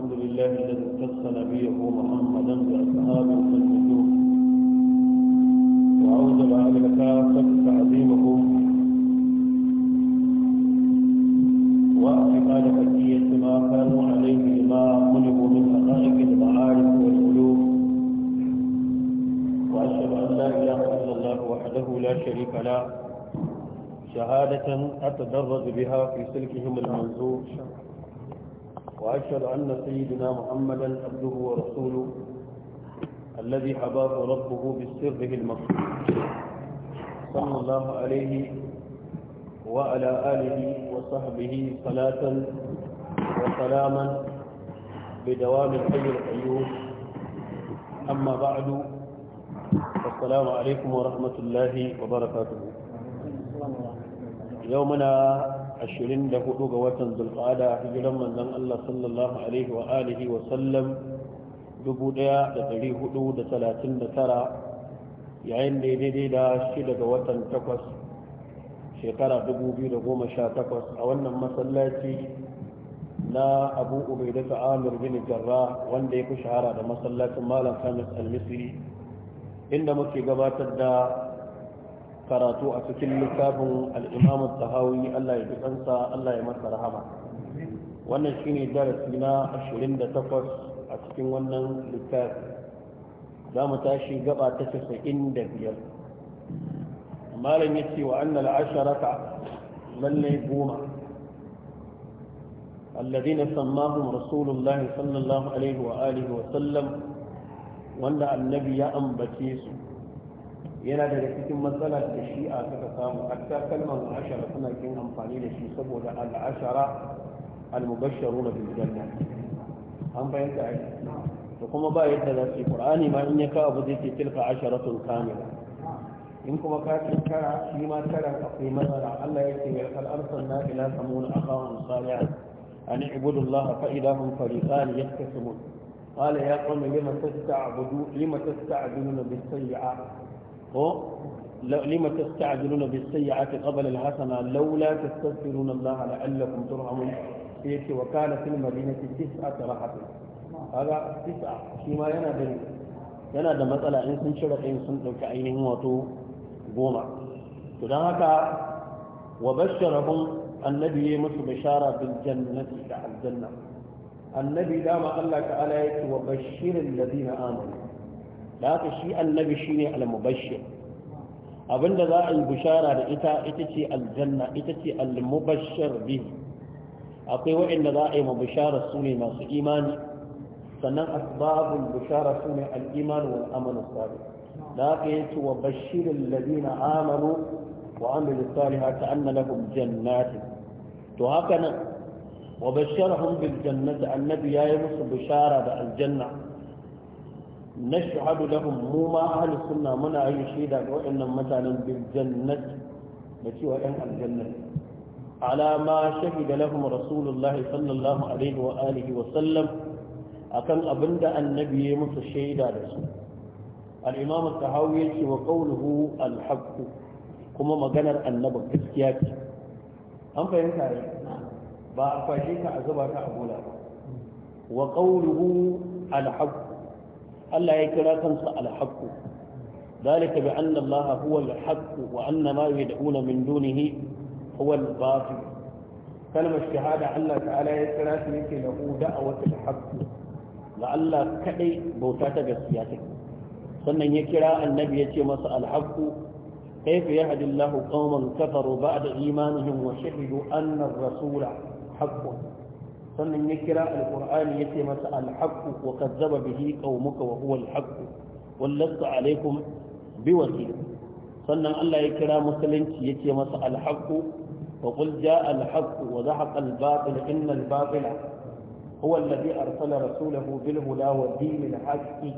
الحمد لله الذي اختص نبيه محمدا باصحابه النجوم وعوز بعمل كافه تعظيمهم واعتقاد فكيه ما كانوا عليه لما خلقوا من حقائق المعارف والقلوب واشهد ان لا اله الا الله وحده لا شريك له شهادة أتدرج بها في سلكهم المنزول وأشهد أن سيدنا محمدا عبده ورسوله الذي حباه ربه بسره المقصود صلى الله عليه وعلى آله وصحبه صلاة وسلاما بدوام الحي القيوم أما بعد السلام عليكم ورحمة الله وبركاته يومنا ashirin da hudu ga watan zulqa'ada hijiran manzon Allah sallallahu alaihi wa alihi wa sallam dubu daya da dari hudu da talatin da tara yayin da ya daidai da shi daga watan takwas shekara dubu biyu da goma sha takwas a wannan masallaci na abu ubaida ta bin jarra wanda ya fi shahara da masallacin malam kamis al-misri inda muke gabatar da karatu a cikin littafin al'imamu tahawi Allah ya kansa Allah ya masa rahama wannan shine darasi na 28 a cikin wannan littafi za mu tashi gaba ta 95 malam ya ce wa annal asharata lallai goma الذين سماهم رسول الله صلى الله عليه وآله وسلم وأن النبي أنبتيسوا yana daga cikin matsalar da shi'a suka samu hatta kalmar ashara suna kin amfani da shi saboda al'ashara al-mubashsharu na biljanna an bayyana shi to kuma ba yadda za su qur'ani ma in ya ka abu zai ce tilka asharatun kamila in kuma ka ce tara shi ma tara akwai matsala Allah ya ce ya kal arsalna ila samuna aqawam salihan an ibudu Allah fa hum fariqan yaktasimun qala ya qawmi lima tasta'budu lima tasta'dununa bis sayyi'ah ko lima tasta'jiluna bis sayyi'ati qabla al hasana lawla tastaghfiruna Allah la'allakum turhamun yace wa kana fil madinati tis'atu rahatin tis'a shi ma yana da yana da matsala in sun cire in sun dauki ainihin wato goma to dan haka wa basharahum annabi ya musu bishara bil jannati da aljanna annabi dama Allah ta'ala yake wa bashirin ladina amanu da haka shi annabi shine al-mubashshir abinda za a yi bishara da ita ita ce aljanna ita ce al-mubashshir bihi akwai waɗanda za a yi mabishara su ne masu imani sannan asbabul bishara su ne al-iman wal amal salih da haka yace wa bashirul ladina amanu wa amilus salihati anna lahum jannati to haka nan wa basharahum bil jannati annabi ya yi musu bishara da aljanna Na nashhadu lahum mu ma ahli sunna muna yin shaida ga waɗannan mutanen bil jannat da cewa ɗan aljanna ala ma shahida lahum rasulullah sallallahu alaihi wa alihi wa sallam akan abinda annabi ya musu shaida da su al-imam tahawi yace wa qawluhu al-haqq kuma maganar annabi gaskiya ce an fahimta ne ba a kwashe ka a zuba ta a bola wa qawluhu al-haqq Allah ya kira kansa al-haqqu dalika bi anna Allah huwa al wa anna ma yad'una min dunihi huwa al-batil kalmar shahada Allah ta'ala ya kira shi yake lahu da'watul haqqu la Allah kadai bauta ta gaskiya take sannan ya kira annabi ya ce masa al-haqqu كيف يهدي الله قوما كفروا بعد إيمانهم وشهدوا أن الرسول حق sannan ya kira ya ce masa alhaqqu wa kazzaba bihi qaumuka wa huwa alhaqqu wallatu alaikum biwakil sannan Allah ya kira musulunci ya ce masa alhaqqu wa qul jaa alhaqqu wa zahaqa albatil inna albatila huwa alladhi arsala rasulahu bil huda wa dinil haqqi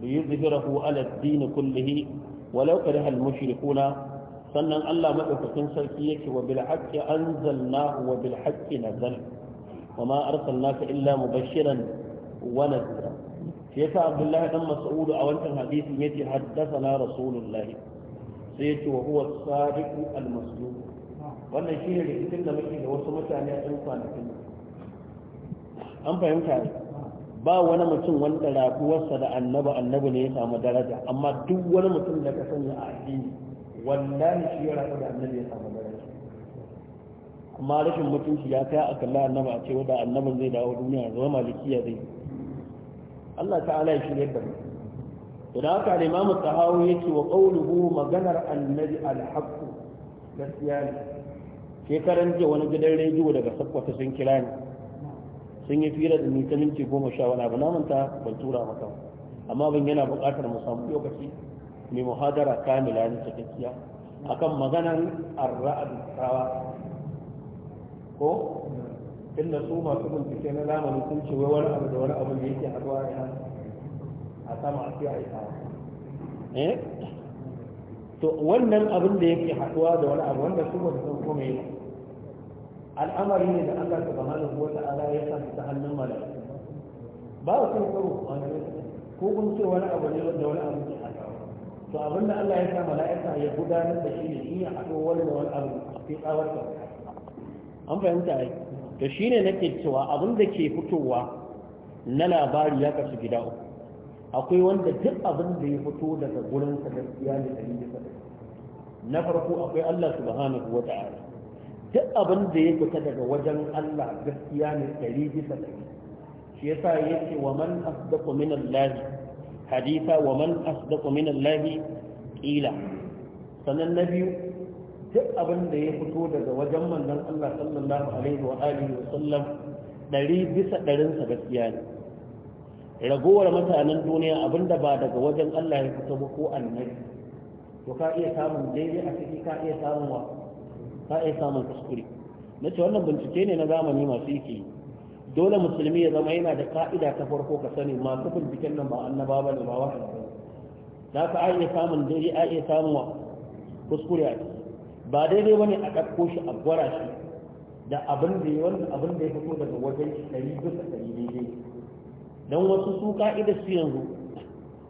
liyuzhirahu ala ad-din kullihi walau kariha al-mushrikuuna sannan Allah madaukakin sarki yake wa bil haqqi anzalnahu wa bil haqqi nazala وما أرسلناك إلا مبشرا ونذيرا شيخ عبد الله بن مسعود أول الحديث يتي حدثنا رسول الله سيتي وهو الصادق المصدوق wannan shi ne rikicin da muke da wasu mutane a ɗan kwanakin an fahimta ne ba wani mutum wanda rafuwarsa da annaba annabi ne ya samu daraja amma duk wani mutum da ka sanya a addini wallahi shi ya rafu da annabi ya samu kuma rashin mutunci ya kai a kalla annaba a cewa da annaban zai dawo duniya zama malikiya zai Allah ta'ala ya shirya da mu to da haka da imamu tahawi yake wa qawluhu maganar annabi al-haqq gaskiya ne shekaran jiya wani gidan rediyo daga sakwata sun kira ni sun yi fira da ni ta minti goma sha wani abu na manta ban tura maka amma ban yana buƙatar mu samu lokaci mai muhadara kamila ne cikakkiya akan maganar ar-ra'd tawa ko inda su masu bincike na zamani sun ce wai wani abu da wani abu da yake haɗuwa ya a sama a fiye a yi eh to wannan abin da yake haɗuwa da wani abu wanda su ba sun kome ba al'amari ne da Allah da kuwa ta'ala ya sa ta hannun malaka ba su karo a ko kun ce wani abu ne wanda wani abu ke haɗuwa to abin da Allah ya sa mala'ika ya gudanar da shi ne shi ya haɗuwa wani da wani abu a fi tsawar an fahimta ai to shine nake cewa abin da ke fitowa na labari ya kasu gida uku akwai wanda duk abin da ya fito daga gurin sa da ne dari da sadaka na farko akwai Allah subhanahu wa ta'ala duk abin da ya fita daga wajen Allah gaskiya ne dari bisa dari shi yasa yake wa man asdaqu min Allah haditha wa man asdaqu min Allah qila sanan na biyu duk abin da ya fito daga wajen manzon Allah sallallahu alaihi wa alihi wa sallam ɗari bisa ɗarin sa gaskiya ne ragowar mutanen duniya abinda ba daga wajen Allah ya fito ba ko annabi to ka iya samun daidai a ciki ka iya samun wa ka iya samun kuskure na ce wannan bincike ne na zamani masu yake dole musulmi ya zama yana da ka'ida ta farko ka sani masu binciken nan ba annaba ba ne ba wahayi za ka iya samun daidai a iya samun wa kuskure a ciki ba daidai wani a ɗauko shi a gwara shi da abin da ya wani abin da ya fito daga wajen ɗari bisa ɗari daidai don wasu su ka'idar su yanzu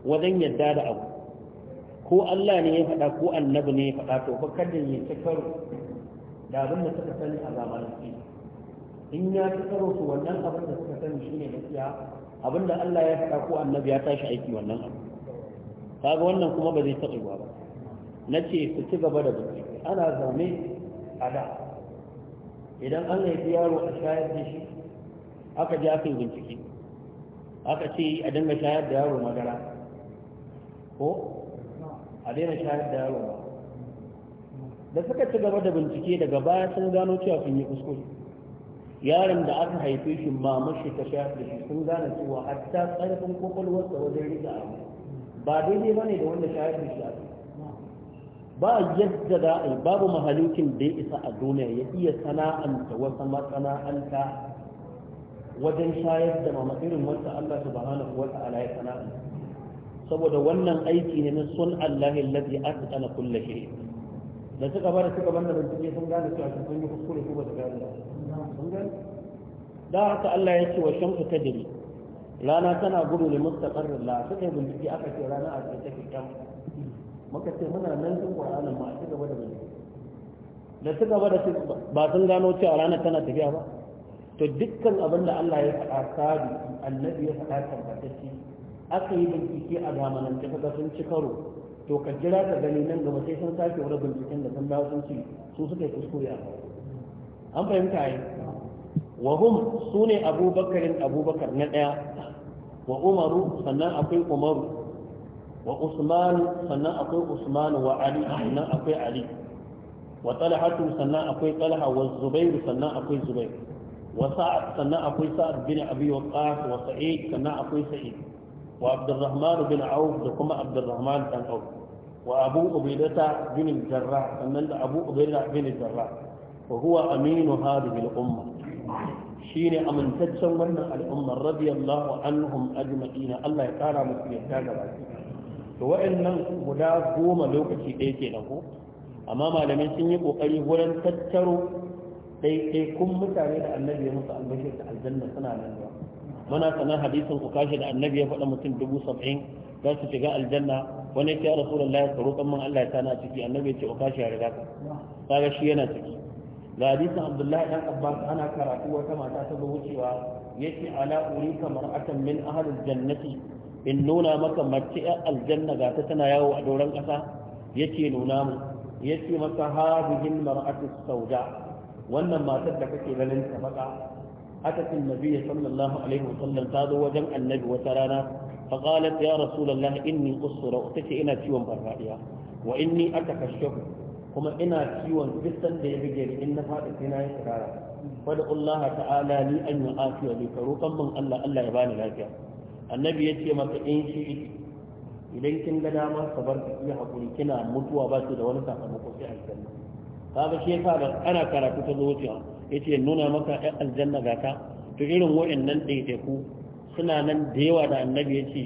wajen yadda da abu ko Allah ne ya faɗa ko annabi ne ya faɗa to fa kada ya ci karo da abin da suka sani a zamanance in ya ci karo su wannan abin da suka sani ne gaskiya abin da Allah ya faɗa ko annabi ya tashi aiki wannan abu kaga wannan kuma ba zai taɓa ba na ce su ci gaba da bincike ana zaune a da idan an haifi yaro a shayar da shi aka ji aka yi bincike aka ce a dinga shayar da yaro magana ko a daina shayar da yaro ba da suka ci gaba da bincike daga baya sun gano cewa sun yi kuskure yaron da aka haife shi mashi ta shayar da shi sun gane cewa hatta ƙarfin kwakwalwarsa wajen riga ba daidai ba ne da wanda shayar da shi a ba yadda da a babu mahalukin da ya isa a duniya ya iya sana'anta wata masana'anta wajen shayar da mama irin wanda Allah subhanahu wa ta'ala ya sana'a. saboda wannan aiki ne na sun Allah ya allazi atqana kulle shi. da suka bar suka banda bincike sun gane cewa sun yi kuskure ko ba su gane ba sun gane da haka Allah ya ce wa shamsu tajri rana tana gudu ne mustaqarrin la suka bincike aka ce rana a tsaye take muka ce muna nan cikin ƙwararren ma a ci gaba da bincike da su gaba da ba sun gano cewa ranar tana tafiya ba to dukkan abin da Allah ya faɗa sabi annabi ya faɗa tabbatacce aka yi bincike a zamanance kaga sun ci karo to ka jira ka gani nan gaba sai sun sake wani binciken da sun dawo sun ci su suka yi kuskure a an fahimta yi wahum su ne abubakarin abubakar na ɗaya wa umaru sannan akwai umaru wa usman sannan akwai usman wa ali sannan akwai ali wa talhatu sannan akwai talha wa zubairu sannan akwai zubair wa sa'ad sannan akwai sa'ad bin abi waqqas wa sa'id sannan akwai sa'id wa abdurrahman bin auf da kuma abdurrahman dan auf wa abu ubaidata bin al-jarrah sannan da abu ubaidata bin al-jarrah wa huwa aminu hadhihi al-umma shine amintaccen wannan al'ummar radiyallahu anhum ajma'ina Allah ya kara musu yadda gaba ki to waɗannan guda goma lokaci ɗaya ke nan ko amma malamai sun yi ƙoƙari wurin tattaro Kun mutane da annabi ya musu albashir da aljanna suna nan ba muna sanar hadisin ku kashi da annabi ya faɗa mutum dubu saba'in za su shiga aljanna wani ya rasu da layar tsaro kan Allah ya sana a ciki annabi ya ce ku kashi ya riga ka kaga shi yana ciki ga hadisin abdullahi dan abbas ana karatu wata mata ta zo wucewa yace ala kamar atammin min ahlil jannati in nuna maka mace yan aljanna ga ta tana yawo a doron ƙasa yake nuna mu yake maka hadihin mar'atu sauda wannan matar da kake ganin ta maka atatin nabiyyi sallallahu alaihi wa sallam ta zo wajen annabi wata rana fa qalat ya rasulullahi inni usra tace ina ciwon barradiya wa inni atakashshu kuma ina ciwon fistan da ya bige ni in na faɗi ina yi tsirara fa Allah ta'ala ni an yi afiya ne Allah Allah ya bani lafiya annabi ya ce masa in shi idan kin ga dama ka bar ki hakuri kina mutuwa ba ki da wani sakamako sai aljanna kaga shi yasa da ana karatu ta zuciya yace nuna maka ɗan aljanna ga ka to irin wa'annan ɗaiɗaiku suna nan da yawa da annabi ya ce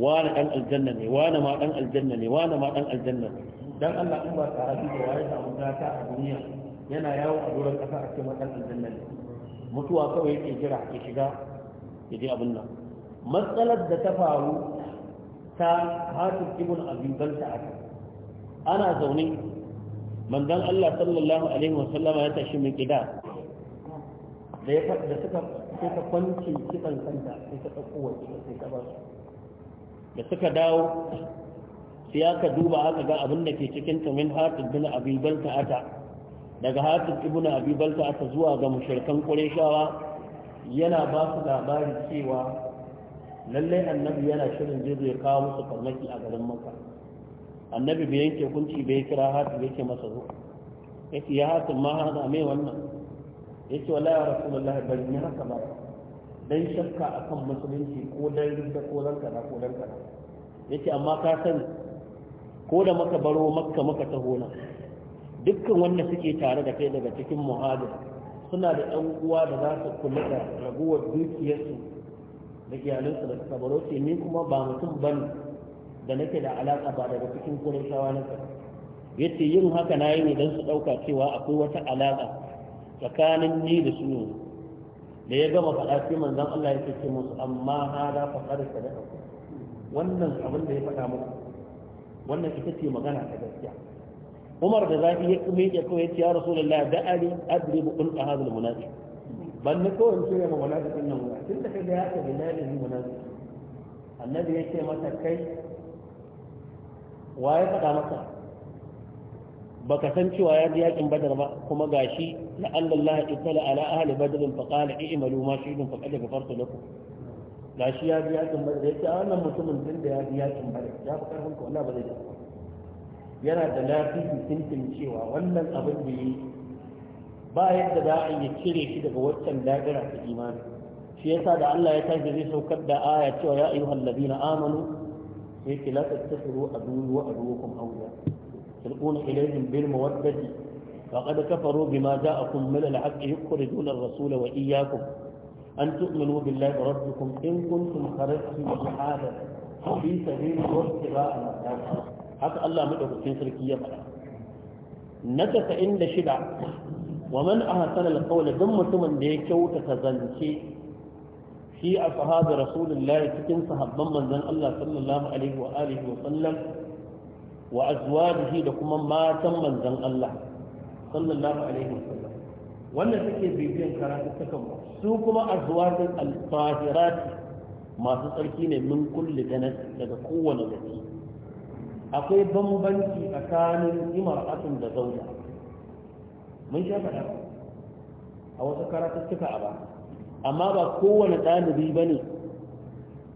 wani ɗan aljanna ne wani ma ɗan aljanna ne wani ma ɗan aljanna ne dan Allah in ba sahabi da waye samu gata a duniya yana yawo a doron ƙasa a cikin ma ɗan aljanna ne mutuwa kawai yake jira ya shiga ya je abin nan matsalar da ta faru ta hatu ibn abin banta aka ana zaune manzon Allah sallallahu alaihi wa sallama ya tashi min gida da ya da suka sai ta kwanci kitan kanta sai ta dauko wani sai ta ba da suka dawo sai aka duba aka ga abin da ke cikin ta min hatu ibn abin banta ata daga hatu ibn abin banta ata zuwa ga mushrikan qurayshawa yana ba su labarin cewa lallai annabi yana shirin zai zai kawo musu farmaki a garin maka annabi bai yanke hukunci bai kira hatu yake masa zo yake ya hatu ma hana mai wannan yake wallahi ya rasulullahi bari ni haka ba dan shakka akan musulunci ko dan rinda ko dan kaza ko dan kaza yake amma ka sani ko da maka baro makka maka taho nan dukkan wanda suke tare da kai daga cikin muhajir suna da ɗan uwa da za su kula da raguwar dukiyarsu da iyalinsa da suka baro ni kuma ba mutum ban da nake da alaka ba daga cikin kurashawa na ka yace yin haka na yi ne don su ɗauka cewa akwai wata alaka tsakanin ni da su da ya gama faɗa cikin manzon Allah ya ce musu amma hada faɗar sadaka wannan abin da ya faɗa muku wannan ita ce magana ta gaskiya Umar da zafi ya kuma ya kawai ya ce ya Rasulullahi da Ali adribu ulqa hadhal munafiq ban ni kawai ce ma munafiqin nan ba tun da kai da yake bilalin munafiqin annabi yake mata kai wa ya faɗa maka baka san cewa ya ji yakin badar ba kuma gashi la Allah ittala ala ahli badr fa qala i'malu ma shi'tum fa qad ghafartu lakum gashi ya ji yakin badar yace a wannan mutumin din da ya ji yakin badar ya fi karfin ko Allah ba zai yana da lafiya tintin cewa wannan abin da yi ba yadda za a yi cire shi daga waccan dagara ta imani shi yasa da Allah ya tashi zai saukar da aya cewa ya ayyuhal ladina amanu sai ki la tattaru aduwu wa aduwukum awliya tulquna ilayhim bil mawaddati faqad kafaru bima ja'akum min al haqq yukhrijuna ar-rasula wa iyyakum an tu'minu billahi rabbikum in kuntum kharajtum jihada fi sabili wa ibtida'a al haka Allah madaukakin sarki ya faɗa na 96 wa man ahsana alqawl dan mutumin da ya kyautata zance fi ashabi rasulullahi cikin sallallahu alaihi wa alihi wa sallam wa azwajihi da kuma matan manzon Allah sallallahu alaihi wa sallam wannan suke bibiyan karatu takan su kuma azwajin al masu tsarki ne min kulli ganas daga kowane gari akwai bambanci tsakanin imar da zauja mun sha faɗa a wasu karatuttuka a ba amma ba kowane ɗalibi ba ne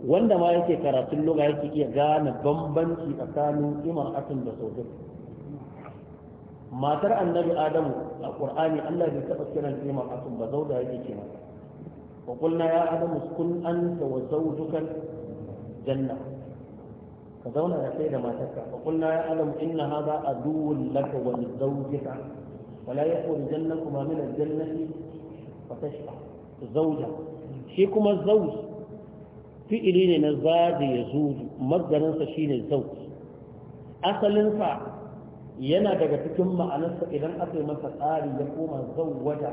wanda ma yake karatun loga yake iya gane bambanci tsakanin ima'atun da sautin matar annabi adamu a ƙur'ani allah bai taɓa kiran ima'atun ba zau da yake kima mata wa kulna ya adamu kun an ta wa zaujukan janna ka zauna da kai da matarka wa kulna ya adamu inna hadha aduwwun laka wa zawjika wala yakhrujannakuma min al-jannati fatashqa zawja shi kuma zawj fi'ili ne na zada yazuju mazdarin sa shine zawj asalin sa yana daga cikin ma'anarsa idan aka yi masa tsari ya koma zawwada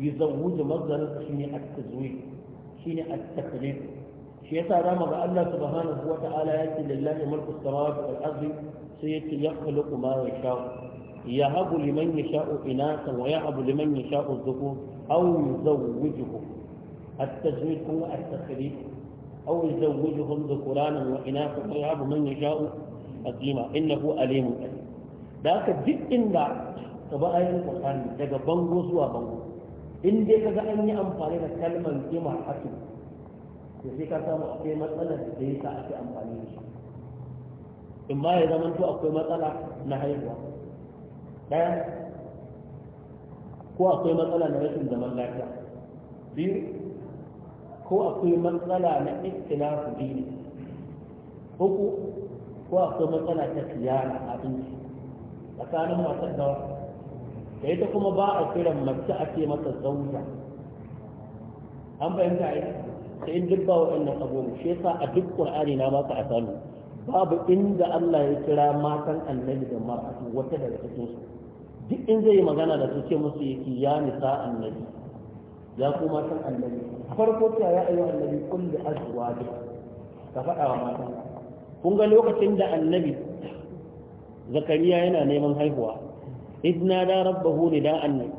yuzawwiju mazdarin sa shine at-tazwij shine at-taklif shi yasa zamu ga Allah subhanahu wa ya yake lillahi mulku sai ya yakhluqu ma yasha Ya yahabu liman sha'o ina inasa wa yahabu liman yasha'u dhukur aw yuzawwijuhu at-tajwid kuma at-takhrij aw yuzawwijuhum dhukuranan wa ina inasa wa yahabu man zima aqima innahu alimun qadir da aka duk inda ka ba ayoyin qur'ani daga bango zuwa bango in dai kaga an yi amfani da kalmar a hatu to sai ka samu akwai matsalar da sa ake amfani da shi in ma ya zama to akwai matsala na haihuwa ɗaya ko akwai matsala na rashin zaman lafiya biyu ko akwai matsala na su dini uku ko akwai matsala ta siyara abinci tsakanin matar da da ita kuma ba a kiran mace a ce masa zauja an fahimta ai sai duk ba waɗannan abubuwa shi yasa a duk ƙur'ani na ba ka a sanu babu inda Allah ya kira matan annabi da mar'atu wata daga cikin su duk in zai yi magana da suke musu yake ya nisa annabi ya ku matan annabi farko ta ya ayyuhan annabi kulli da azwaji ka faɗa wa matan kun ga lokacin da annabi zakariya yana neman haihuwa idna da rabbahu annabi.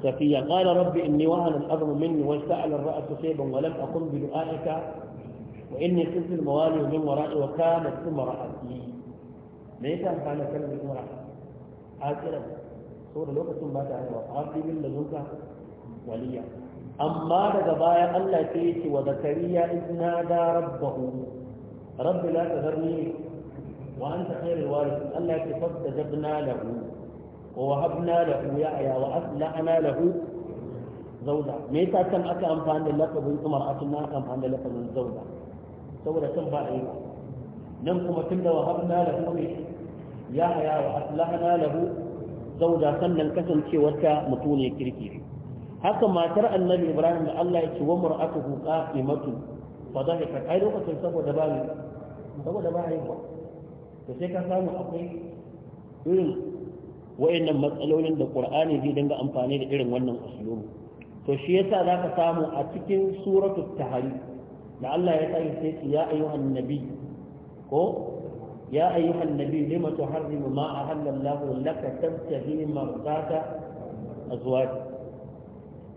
safiya qala rabbi inni wahana al-azmu minni wasta'ala ar-ra'su shayban wa lam aqum bi du'aika وإني كنت الموالي من ورائي وكانت امرأتي ليس كانت كلمة امرأة آخرا سورة لوكة ما تعالى وقابل من لدنك وليا أما لقبايا الله تيتي وذكريا إذ نادى ربه رب لا تذرني وأنت خير الوارث الله فاستجبنا له ووهبنا له يحيى وأصلحنا له زوجة ميتا كم أكا أنفان للقب امرأة ما أكا أنفان للقب الزوجة saboda kan ba a yi nan kuma tun da wahabna lahu ne ya haya wa aslahana lahu zauda sannan kasancewarta mutune kirki haka matar annabi ibrahim da allah ya ce wa mar'atuhu qa'imatu fa dhahika ai lokacin saboda ba ne saboda ba yi ba to sai ka samu akwai irin wayannan matsalolin da qur'ani zai dinga amfani da irin wannan usulubu to shi yasa zaka samu a cikin suratul tahrim da Allah ya tsaye sai ce ya ayyuhan nabi ko ya ayyuhan nabi lima tuharrimu ma ahalla Allah laka tabtahi marzata azwaj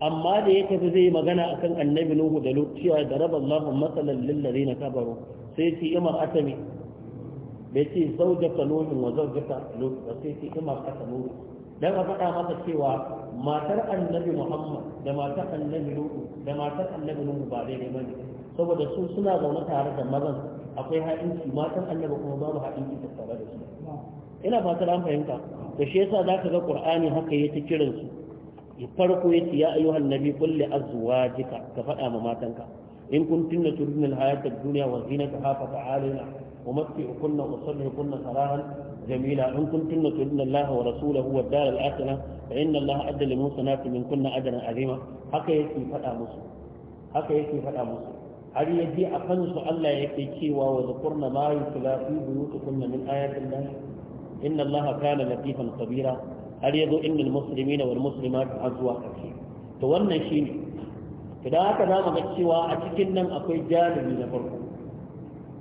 amma da ya tafi zai magana a kan annabi nuhu da lutiya da raba Allah masalan lil na kafaru sai ce imar atami bai ce zaujaka nuhu wa zaujaka lut sai ce imar atami dan a faɗa masa cewa matar annabi Muhammad da matar annabi Nuhu da matar annabi Nuhu ba daidai bane saboda su suna zaune tare da mazan akwai haɗinci matan annabi kuma babu haɗinci tattare da su ina fatar an fahimta da shi yasa za ka ga kur'ani haka ya ta kiran su farko ya ce ya ayyuhan nabi qul azwajika ka faɗa ma matanka in kuntunna turidna al-hayata ad-dunya wa zinataha fa ta'alina ومتعكن وصلحكن سراها جميلا إن wa تؤمن الله ورسوله والدار الآخرة فإن الله أدى للمحسنات منكن أجرا عظيما هكا يكفي فدا مسلم هكا يكفي فدا musu. har ya je a kansu Allah ya ke cewa wa zakurna ma yutla fi buyutikunna min ayatin Allah inna Allah kana latifan kabira har ya zo innal muslimina wal muslimat azwa kafi to wannan shine idan aka zama ga cewa a cikin nan akwai jalibi na farko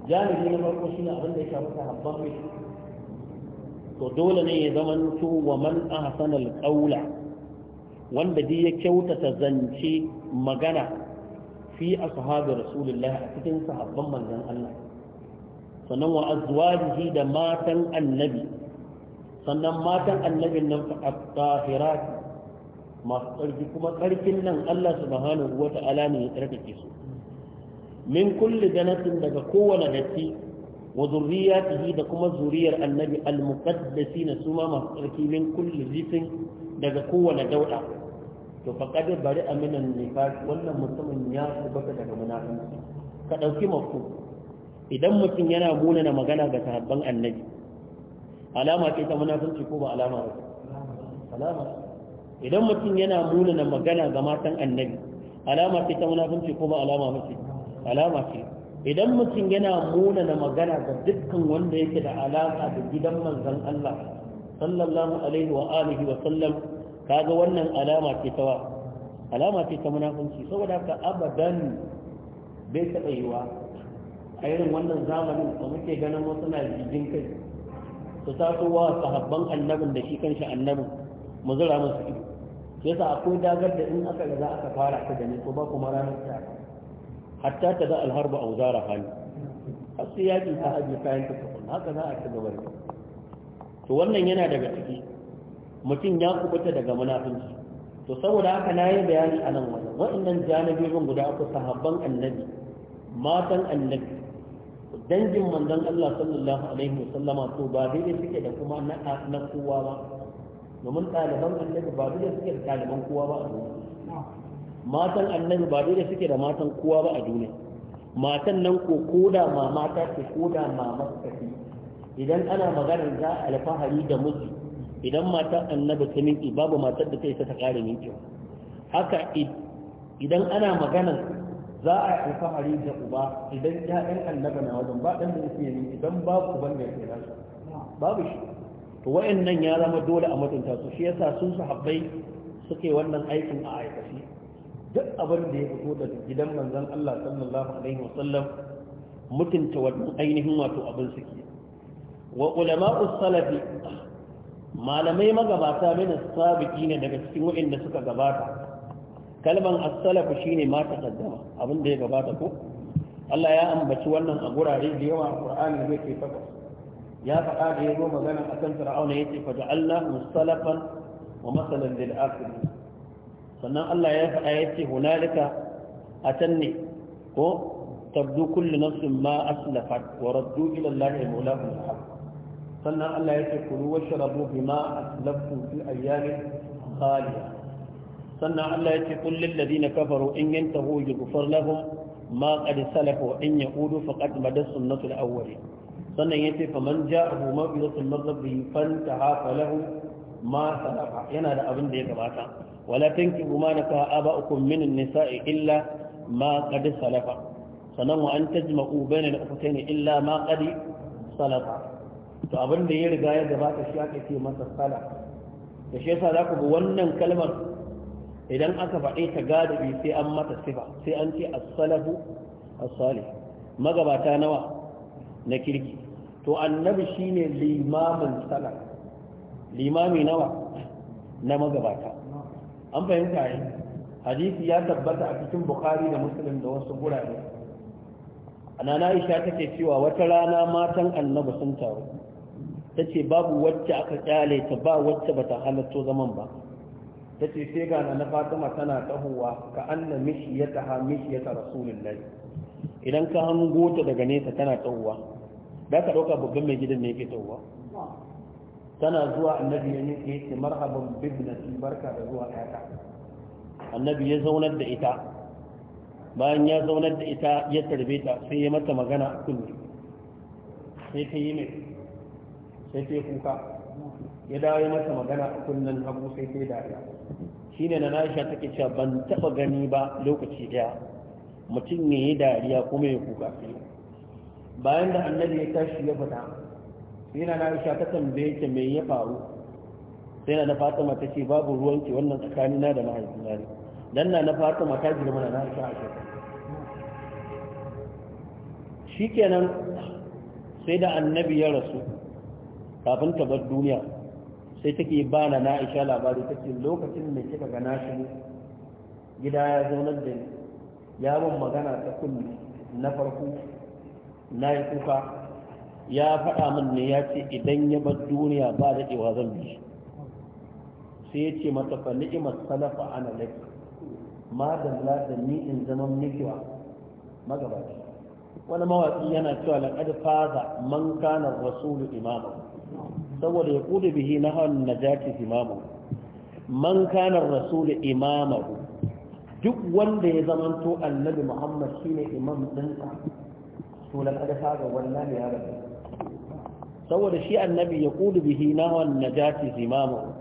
jalibi na farko shine abin da ya shafi sahabban mai to dole ne ya zama to wa man ahsana al-qawla wanda dai ya kyautata zance magana fi ashabi rasulullah a cikin sahabban manzon Allah sannan wa azwajihi da matan annabi sannan matan annabin nan tahirat masu tsarki kuma tsarkin nan Allah subhanahu wata'ala ne ya tsarkake su min kulli danatin daga kowane datti wa zurriyatihi da kuma zuriyar annabi al-muqaddasina suma masu tsarki min kulli zifin daga kowane dauda to faƙaɗe bari a minan wannan mutumin ya tabbata daga munafiki ka ɗauki mafu idan mutum yana munana magana ga sahabban annabi alama ce ta munafinci ko ba alama ba alama idan mutum yana munana magana ga matan annabi alama ce ta munafinci ko ba alama ba ce alama ce idan mutum yana munana magana ga dukkan wanda yake da alaka da gidan manzon Allah sallallahu alaihi wa alihi wa sallam kaga wannan alama ce tawa alama ce ta munafunci saboda ka abadan bai taɓa yi wa. a irin wannan zamanin da muke ganin wasu na jijin kai su wa sahabban annabin da shi kanshi annabin mu zura musu ido shi sa akwai dagar da in aka za aka fara ta gani ko ba kuma ranar ta hatta ta da alharba a wuzara hali har sai yaƙi ta ajiye kayan ta haka za a ci gaba to wannan yana daga ciki mutum ya kubuta daga munafinci to saboda haka na yi bayani a nan wajen waɗannan janabirin guda uku sahabban annabi matan annabi dangin manzon Allah sallallahu alaihi wasallama to ba ne suke da kuma na na kowa ba domin ɗaliban annabi ba daidai suke da ɗaliban kowa ba a duniya matan annabi ba daidai suke da matan kowa ba a duniya matan nan ko koda mama ta ce koda mama ta ce idan ana magana za alfahari da miji idan matar annabi ta minki babu matar da ta isa ta kare minki haka idan ana magana za a yi alfahari da uba idan ƴaƴan annaba na wajen ba ɗan da yake yi idan babu uban da yake nasu babu shi to wayannan ya zama dole a mutunta su shi yasa sun su sahabbai suke wannan aikin a aikace duk abin da ya fito daga gidan manzon Allah sallallahu alaihi wa sallam mutunta wannan ainihin wato abin suke wa ulama'us salafi malamai magabata min as-sabiqi ne daga cikin waɗanda suka gabata kalman as-salafu shine ma taqaddama abin da ya gabata ko Allah ya ambaci wannan a gurare da yawa a Qur'ani ne ke faɗa ya faɗa da yazo magana akan Fir'auna yace fa ja'alna musalafan wa masalan lil akhirin sannan Allah ya faɗa yace hunalika atanni ko tabdu kullu nafsin ma aslafat wa raddu ila Allah mawlahum al-haq sannan Allah ya ce kulu wa sharabu bima aslaftu fi ayyamin khaliya sannan Allah ya ce kul lil ladina kafaru in yantahu yughfar lahum ma qad salafa wa in yaqudu faqad madat sunnatul awwali sannan ya ce faman ja'ahu mabidatun min rabbihi fantaha falahu ma salafa yana da abin da ya gabata wala tankihu ma naka aba'ukum min an-nisa'i illa ma qad salafa sannan wa an tajma'u bayna al-ukhtayni illa ma qad salafa to abin da ya riga ya gabata shi aka ce masa sala da shi yasa za ku ga wannan kalmar idan aka faɗe ta gadabi sai an mata sifa sai an ce as-salahu as-salih magabata nawa na kirki to annabi shine limamin sala limami nawa na magabata an fahimta yi hadisi ya tabbata a cikin bukhari da muslim da wasu gurare ana na isha take cewa wata rana matan annabi sun taru ta ce babu wacce aka kyale ta ba wacce ba ta halatto zaman ba ta ce sai gana na fatima tana tahowa ka anna mishiyata ha mishiyata rasulullahi idan ka hango ta daga nesa tana tahowa da ka dauka babban mai gidan ne yake tahowa tana zuwa annabi ya yi ce marhaban bibnati barka da zuwa ƴata annabi ya zaunar da ita bayan ya zaunar da ita ya tarbe ta sai ya mata magana a kunne sai ta yi mai sai sai kuka ya dawo ya masa magana a kunnen hagu sai sai dariya ne na Aisha ke cewa ban taba gani ba lokaci daya mutum ne ya dariya kuma ya kuka bayan da annabi ya tashi ya fita sai na Aisha ta tambaye ta me ya faru sai na fata mata ce babu ruwanki wannan na da mahaifina ne dan na Fatima ta mana na sha a shikenan sai da annabi ya rasu kafin ta bar duniya sai take ba na na'isha labari ta ce lokacin da kika ga nashi gida ya zaunar da ya mun magana ta kulli na farko na yi kuka ya faɗa min ne ya ce idan ya bar duniya ba da cewa zan bi shi sai ya ce mata fa ni'imar salafa ana ma da da ni in zama mikiwa magabaci wani mawaƙi yana cewa laƙad faza man kana rasulu imama saboda ya kudu bihi na hawan najati imamu man kana rasul imamahu duk wanda ya zamanto annabi muhammad shi ne imam dinsa to la kada faga wallahi ya rabu saboda shi annabi ya kudu bihi na hawan najati imamu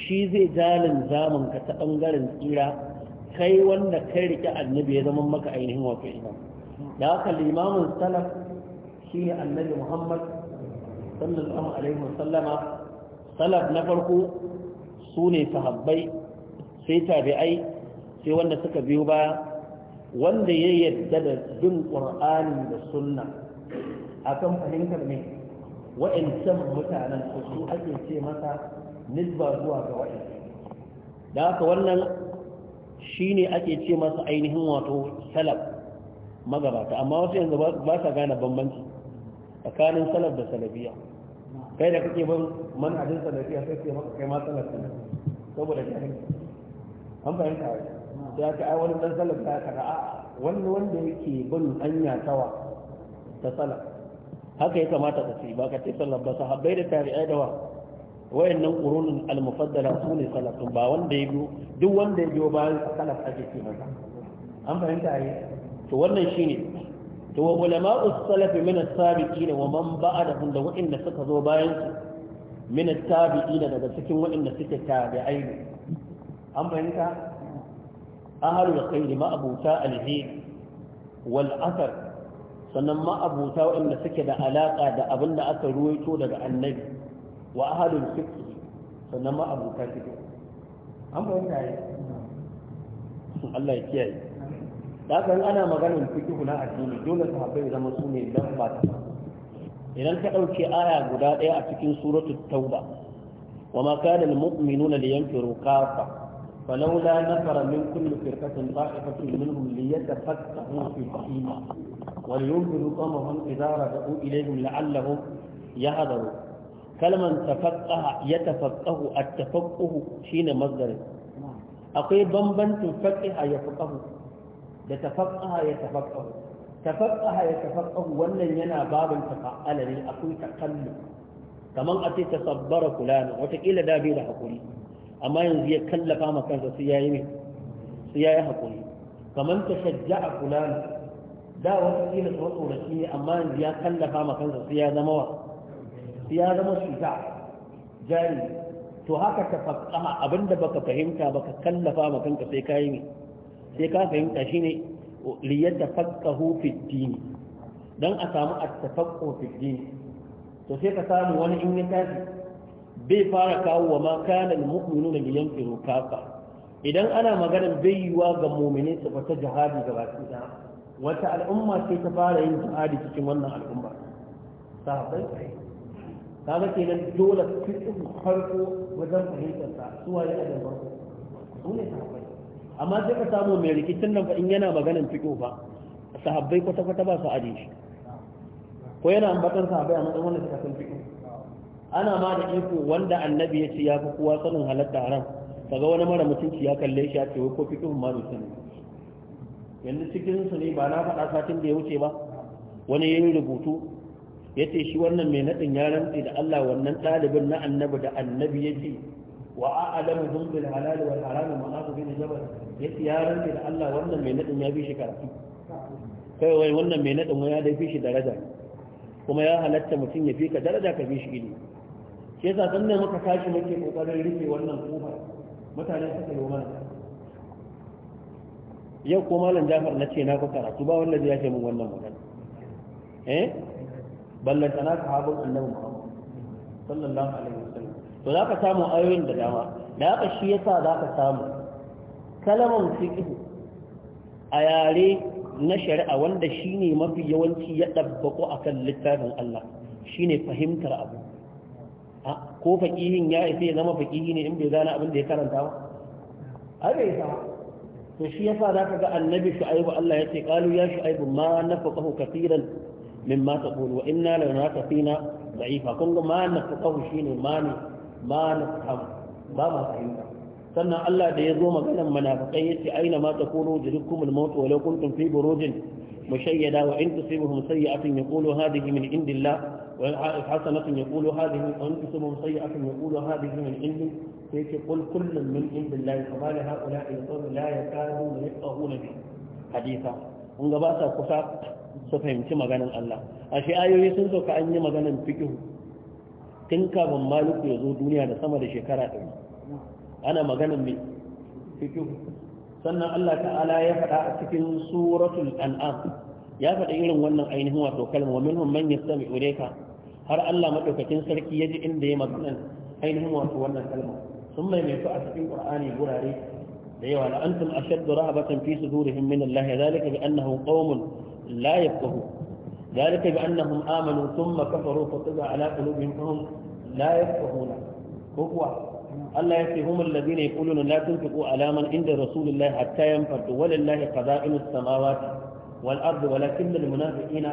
shi zai jalin zamun ka ta bangaren tsira kai wanda kai rike annabi ya zama maka ainihin wato imam da haka limamin salaf shi ne annabi muhammad sallallahu alaihi wasallama salaf na farko su ne sahabbai sai tabi'ai sai wanda suka biyo ba wanda ya yadda da bin ƙur'ani da sunna akan fahimtar ne wa'ancan mutanen su ake ce masa nisba zuwa ga wa'in da haka wannan shine ake ce masa ainihin wato salaf magabata amma wasu yanzu ba sa gane bambanci tsakanin salaf da salafiya kai da kake bin manhajin salafiya sai maka kai ma salafi saboda jahilci an fahimta ya ce ai wani dan salaf ta kada a wani wanda yake bin hanya tawa ta salaf haka ya kamata ka ce ba ka ce salaf ba sahabbai da tabi'ai da wa wayannan qurunul al-mufaddala su ne salafin ba wanda ya biyo duk wanda ya biyo bayan salaf ake ce masa an fahimta ai to wannan shine to wa ulama'u salaf min as-sabiqin wa man ba'dahum da wa'inda suka zo bayan su min as-sabiqin daga cikin wa'inda suke tabi'ai ne an bayyana ahlul khair ma abuta al-hayy wal athar sannan ma abuta wa'inda suke da alaka da abinda aka ruwaito daga annabi wa ahlul fiqh sannan ma abuta fiqh an bayyana Allah ya kiyaye da haka ana maganar fikihu na addini dole sahabbai zama su ne ba idan ka ɗauke aya guda ɗaya a cikin suratu tauba wa ma kana lil mu'minuna liyanfiru kafa falawla nafara min kulli firqatin ta'ifatun minhum liyatafaqahu fi din wa liyunfiru qamahum idza ra'u ilayhim la'allahum yahdaru kalman tafaqaha yatafaqahu at-tafaqahu shine masdar akwai bambancin faqiha yafaqahu da tafaqaha ya tafaqahu tafaqaha ya tafaqahu wannan yana babin tafa'ala ne akwai takallu kaman a ce tasabbara fulana wataƙila da bai da hakuri amma yanzu ya kallafa ma kansa sai yayi ne sai yayi hakuri kaman tashajja'a fulana da wataƙila tsoraci ne amma yanzu ya kallafa ma kansa sai ya zama wa sai ya zama shuja jari to haka tafaqaha abinda baka fahimta baka kallafa ma kanka sai kayi ne sai ka fahimta ne liyata fakka fi dini don a samu a tafaqqu fi dini to sai ka samu wani in ya tafi bai fara kawo wa ma mu'minu al liyan firo kafa idan ana maganar bai wa ga mu'mini su fata jihadi ga baki da wata al'umma sai ta fara yin jihadi cikin wannan al'umma sahabbai kaga kenan dole cikin farko wajen fahimtar sa suwa yana da farko su ne sahabbai amma sai ka samu mai rikicin nan fa in yana maganan fito fa sahabbai kwata kwata ba su aje shi ko yana ambatar sahabbai a matsayin wanda suka san fito ana ma da iko wanda annabi ya ce ya fi kowa sanin halatta haram kaga wani mara mutunci ya kalle shi ya ce ko fito ma da sani yanzu cikin su ne ba na faɗa satin da ya wuce ba wani ya yi rubutu ya ce shi wannan mai naɗin ya rantse da Allah wannan ɗalibin na annabi da annabi ya ce wa a'alamu hum bil halal wal haram ma'a aqu bin jabal ya rantsa da Allah wannan mai nadin ya bi shi karatu kai wai wannan mai nadin ya dai fi shi daraja kuma ya halatta mutum ya fi ka daraja ka bi shi ilimi shi yasa sannan muka tashi muke kokarin rike wannan kofar mutane suka yi mana yau ko malam jafar na ce na ku karatu ba wanda ya ce mun wannan magana eh ballanta na habu annabi muhammad sallallahu alaihi wasallam to za ka samu ayoyin da dama da haka shi yasa za ka samu kalmar fiqh a yare na shari'a wanda shine mafi yawanci ya a kan littafin Allah shine fahimtar abu ko faqihin ya isa ya zama faqihi ne in bai gane abin da ya karanta ba abe ya to shi yasa ka ga annabi shu'aibu Allah ya ce qalu ya shu'aibu ma nafaqahu kaseeran mimma taqulu wa inna la naraka fina da'ifa kun ga ma nafaqahu shine ma ne ma nafham ba ma fahimta sannan Allah da ya zo maganar munafiqai yace aina ma takunu jirikumul maut wa law kuntum fi burujin mushayyada wa in tusibuhum sayyi'atun yaqulu hadhihi min indillah wa in hasanatun yaqulu hadhihi wa in tusibuhum sayyi'atun yaqulu hadhihi min indi yace qul kullun min indillahi fa bala haula'i qawmin la yakaduna yafqahuna bi haditha kun ga ba sa kusa su fahimci maganar Allah ashe ayoyi sun sauka an yi maganar fiqh tun kafin maliku ya zo duniya da sama da shekara ɗari ana maganan mai fikihu sannan Allah ta'ala ya faɗa a cikin suratul an'am ya faɗa irin wannan ainihin wato kalma wa minhum man yastami'u ilayka har Allah madaukakin sarki ya ji inda ya magana ainihin wato wannan kalma sun mai mai a cikin qur'ani gurare da yawa la antum ashaddu rahabatan fi sudurihim min Allah zalika bi annahum qaumun la yafqahu zalika bi annahum amanu thumma kafaru fa tada ala qulubihim fahum la yafqahuna ko kuwa Allah ya ce humul ladina yaquluna la tunfiqu ala man inda rasulillahi hatta yanfadu walillahi qada'inus samawati wal ardi walakinna al munafiqina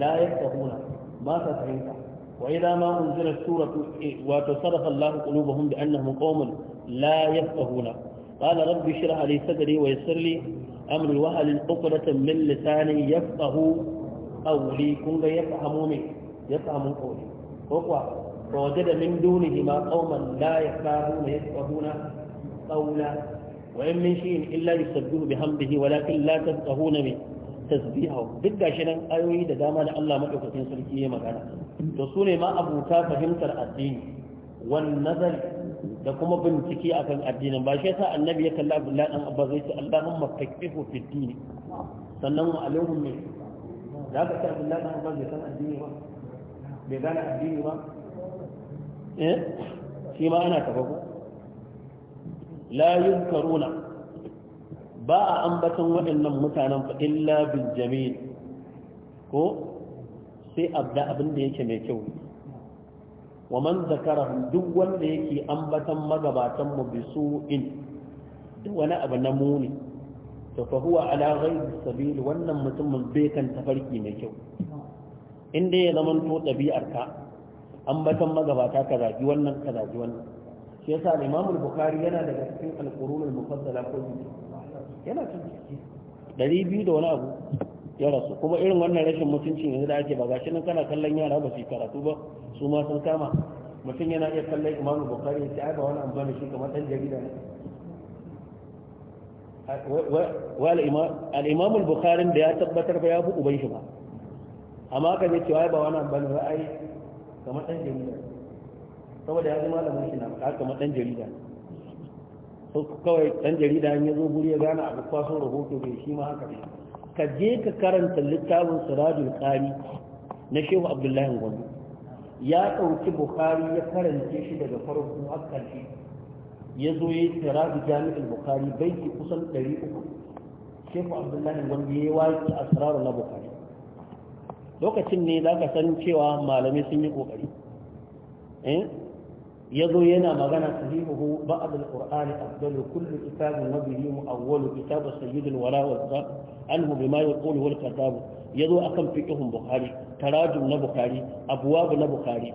la yafqahuna ma sa fahimta wa idza ma unzilat suratu eh, wa tasarrafa Allah qulubuhum bi annahum qaumun la yafqahuna qala rabbi shrah li sadri wa yassir li amri wa hal uqdatan min lisani yafqahu qawli kun ga yafhamu ne yafhamu qawli ko kuwa فوجد من دونهما قوما لا يكادون يفقهون قولا وإن من شيء إلا يسبه بحمده ولكن لا تفقهون من tasbihu duk gashi ayoyi da dama da Allah madaukakin sarki ya magana to su ne ma abuta fahimtar addini wan nazar da kuma bincike akan addinin ba shi yasa annabi ya kalla Abdullah dan Abba zai ce Allahumma faqihu fi dini sannan wa alaihim ne da ka ce Abdullah dan Abba zai san addini ba bai gane addini ba eh shi ma ana tafa ko la ba a ambaton waɗannan mutanen fa illa bil ko sai abda abinda yake mai kyau wa man zakara duk wanda yake ambaton magabatan mu bisu'in duk wani abu na muni to fa huwa ala ghairi sabil wannan mutumin bai tafarki mai kyau inda ya zamanto ɗabi'arka an batan magabata ka zagi wannan ka zagi wannan shi yasa Imam Bukhari yana daga cikin al-qurun al-mufassala ko yana cikin dari biyu da wani abu ya rasu kuma irin wannan rashin mutunci yanzu da ake ba gashi nan kana kallon yara ba su karatu ba su ma sun kama mutum yana iya kallon Imam Bukhari sai aka wani amfani shi kamar dan jarida ne al-Imam al-Bukhari da ya tabbatar ba ya bu uban shi ba amma ka ce wai ba wani amfani ba kamar ɗan jarida saboda ya zama da shi na faɗa kamar ɗan jarida so kawai ɗan jarida in ya zo guri ya gane a kwaso rahoto bai shi ma haka ka je ka karanta littafin sirajul qari na shehu abdullahi gwani ya ɗauki bukari ya karance shi daga farko har ƙarshe ya zo ya yi sirajul jami'in bukari baiki kusan 300 shehu abdullahi gwani ya yi waƙi asrar na bukari lokacin ne za ka san cewa malamai sun yi ƙoƙari eh? ya zo yana magana sahihu ba'd al-qur'ani afdalu kullu kitabin nabiyyi mu'awwalu kitab sayyid al wala wa al anhu bima yaqulu wal kitab yazo akan fiqhun bukhari tarajum na bukhari abwab na bukhari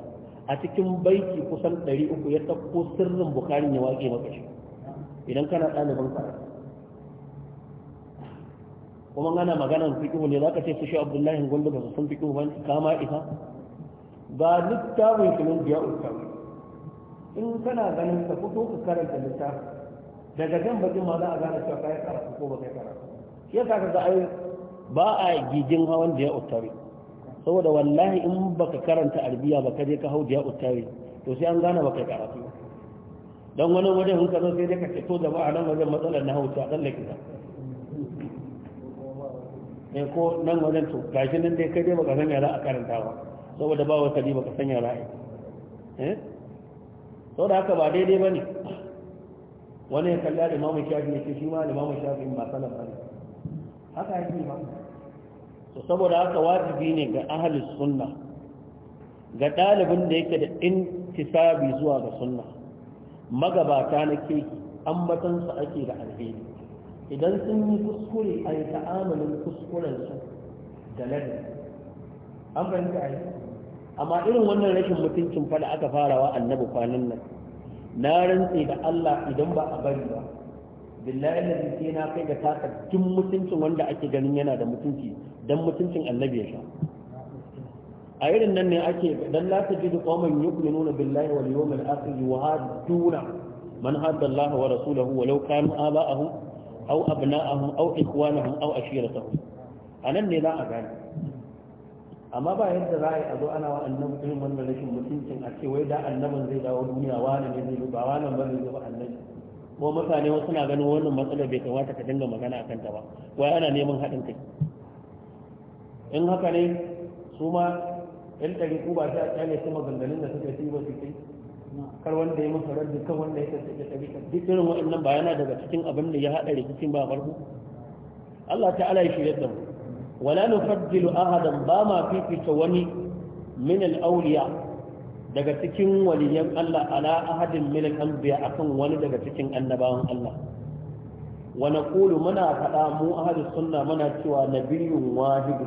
a cikin baiti kusan 300 ya tafko sirrin bukhari ne wake maka shi idan kana ɗaliban karatu kuma ana maganar fikihu ne zaka ce su shi abdullahi gullu ba san fikihu ba kama isa ba littafin shi mun biya ustawi in kana ganin ka fito ka karanta littafin daga jan bakin ma za a gane cewa kai karatu ko ba kai karatu shi yasa ga ai ba a gijin hawan da ya saboda wallahi in baka karanta arbiya ba ka je ka hau da ya ustawi to sai an gane baka karatu don wani wajen in ka zo sai dai ka ce to jama'a nan wajen matsalar na hauta dan lakita ne eh, ko nan wajen to gashi nan dai kai dai baka san za a karanta ba saboda ba wasali baka san yara ai eh saboda haka ba daidai bane wani ya kalla da imamu shafi ne ce shi ma imamu shafi ba salafa ne haka yake ba to saboda haka wajibi ne ga ahli sunna ga dalibin da yake da intisabi zuwa ga sunna magabata na keke an matansa ake da alheri idan sun yi kuskure a yi ta'amalin kuskurensu da ladabi an fahimta a amma irin wannan rashin mutuncin fada aka farawa annabi kwanan nan na rantse da Allah idan ba a bari ba billahi allazi sai na kai ga taka mutuncin wanda ake ganin yana da mutunci dan mutuncin annabi ya sha a irin nan ne ake dan la tajidu qauman yu'minuna billahi wal yawmil akhir wa haduna man hadda Allah wa rasulahu walau kanu aba'ahum أو أبناءهم أو إخوانهم أو أشيرتهم أنا ne za a gane amma ba yadda za a yi a zo ana wa annabi irin mutuncin a ce da annabin zai dawo duniya wani ne ba ba mutane wasu na ganin wannan matsalar bai kamata ka dinga magana akan ta ba wai ana neman haɗin kai in haka ne su ma yan ɗari ko ba ta su maganganun da suka yi ba kar wanda ya masa raddi kan wanda ya tafi da tabi duk irin waɗannan ba yana daga cikin abin da ya haɗa rikicin ba farko Allah ta'ala ya shirya da mu wala nufaddilu ahadan ba ma fifita wani min al-awliya daga cikin waliyan Allah ala ahadin min al-anbiya akan wani daga cikin annabawan Allah wa naqulu muna faɗa mu ahlus sunna muna cewa nabiyyun wahid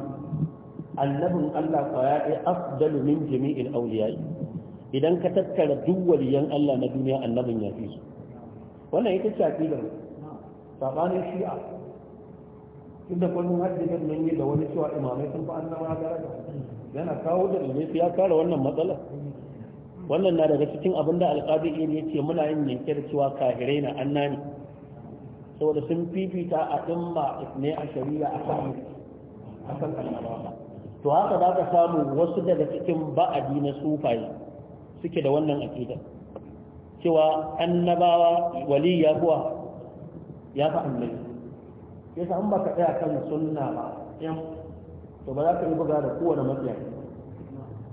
annabin Allah kwaya ya afdalu min jami'il awliya idan ka tattara duk waliyan Allah na duniya annabin ya fi su wannan ita ce aqidar sabanin shi'a inda kullum da nan yi da wani cewa imamai sun fa annabawa daraja yana kawo da ne ya kare wannan matsala wannan na daga cikin abin da alƙadi ya ce muna yin yanke da cewa kahirai na annani saboda sun fifita a ɗimma ne a shari'a a kan a kan annabawa to haka za ka samu wasu daga cikin ba'adi na sufaye suke da wannan aqida cewa annabawa waliya kuwa ya fa annabi yasa an baka tsaya kan sunna ba yan to ba za ka yi buga da kowane matsayi.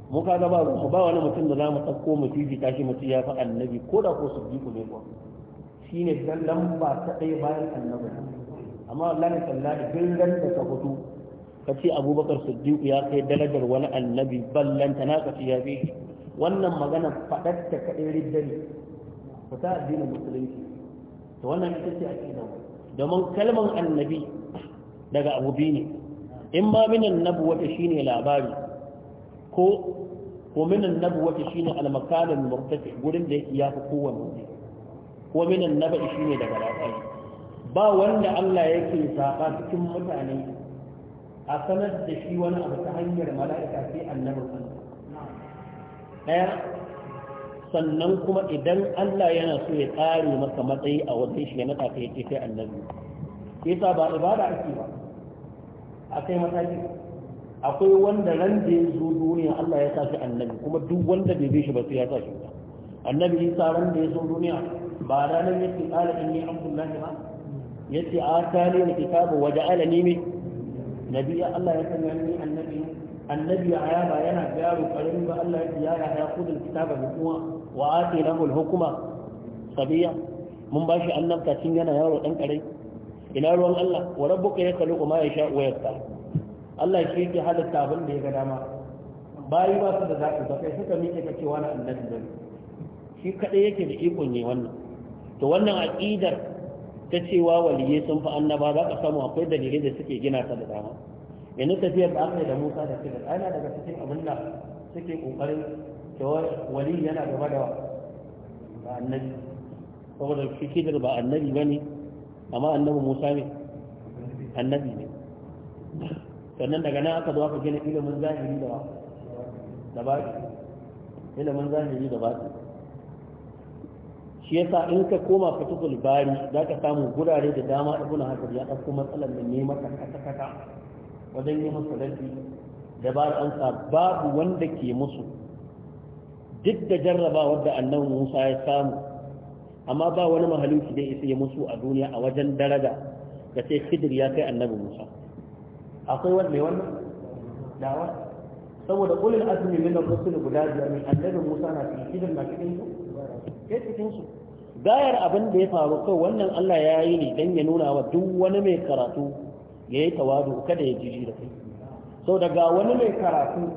mu ka ga ba ba wani mutum da za mu ɗauko mu fifita shi mu ya fi annabi ko da ko ku ne ko shine dan lamba ta ɗaya bayan annabi amma wallahi sallahi bin ran da ka fito ka ce abubakar siddiq ya kai dalajar wani annabi ballanta na ka ya fi wannan magana faɗar ta kaɗai riddani ku ta addinin musulunci to wannan ita ce ake nan domin kalman annabi daga abu biyu ne in ma minan nabu nabuwata shine labari ko ko minan nabuwata shine almakalin murtafi gurin da yake fi kowanne wuri ko minan nabai shine daga labari ba wanda Allah yake saba cikin mutane a sanar da shi wani abu ta hanyar mala'ika sai annabin Allah ɗaya sannan kuma idan Allah yana so ya tsare maka matsayi a wajen shi na nata ka yake sai annabi yasa ba ibada ake ba akai mataki akwai wanda ran da ya zo duniya Allah ya sa annabi kuma duk wanda bai bi shi ba sai ya sa shi annabi isa ran da ya zo duniya ba ranar yake kala in yi abdullahi ba yace a tare da kitabu waje alani ne nabi Allah ya sanya ni annabi annabi ya ba yana da yaro karami ba Allah ya ya ya kudin kitaba hukuma wa atinahu al-hukma sabiya mun bashi annabta tun yana yaro dan karai ina ruwan Allah wa rabbuka yakhluqu ma yasha wa yaqtar Allah shi yake halitta abin da ya ga dama bayi ba su da zaɓi ba kai suka miƙe ka cewa na annabi ba. shi kaɗai yake da ikon ne wannan to wannan aƙidar ta cewa waliyai sun fi annaba za ka samu akwai dalilai da suke gina ta da dama yanzu tafiyar da aka yi da musa da kira ana daga cikin abin da suke kokarin cewar wali yana gaba da ba annabi saboda shi kidar ba annabi ba ne amma annabi musa ne annabi ne sannan daga nan aka zo aka gina ilimin zahiri da da ba ilimin zahiri da ba shi yasa in ka koma fatukul bari za ka samu gurare da dama ibn hajar ya ɗauko matsalar da ne maka kata kata wajen yi musu rafi dabar ansa babu wanda ke musu duk da jarraba wadda annabi Musa ya samu amma ba wani mahaluki da isa ya musu a duniya a wajen daraja da sai Khidir ya kai annabi Musa akwai wanda wannan dawa saboda ulul azmi min ar-rusul guda biyar min annabi Musa na cikin Khidir na cikin su kai cikin su gayar abin da ya faru kai wannan Allah ya yi ne dan ya nuna wa duk wani mai karatu ya yi tawadu kada ya jiri da kai so daga wani mai karatu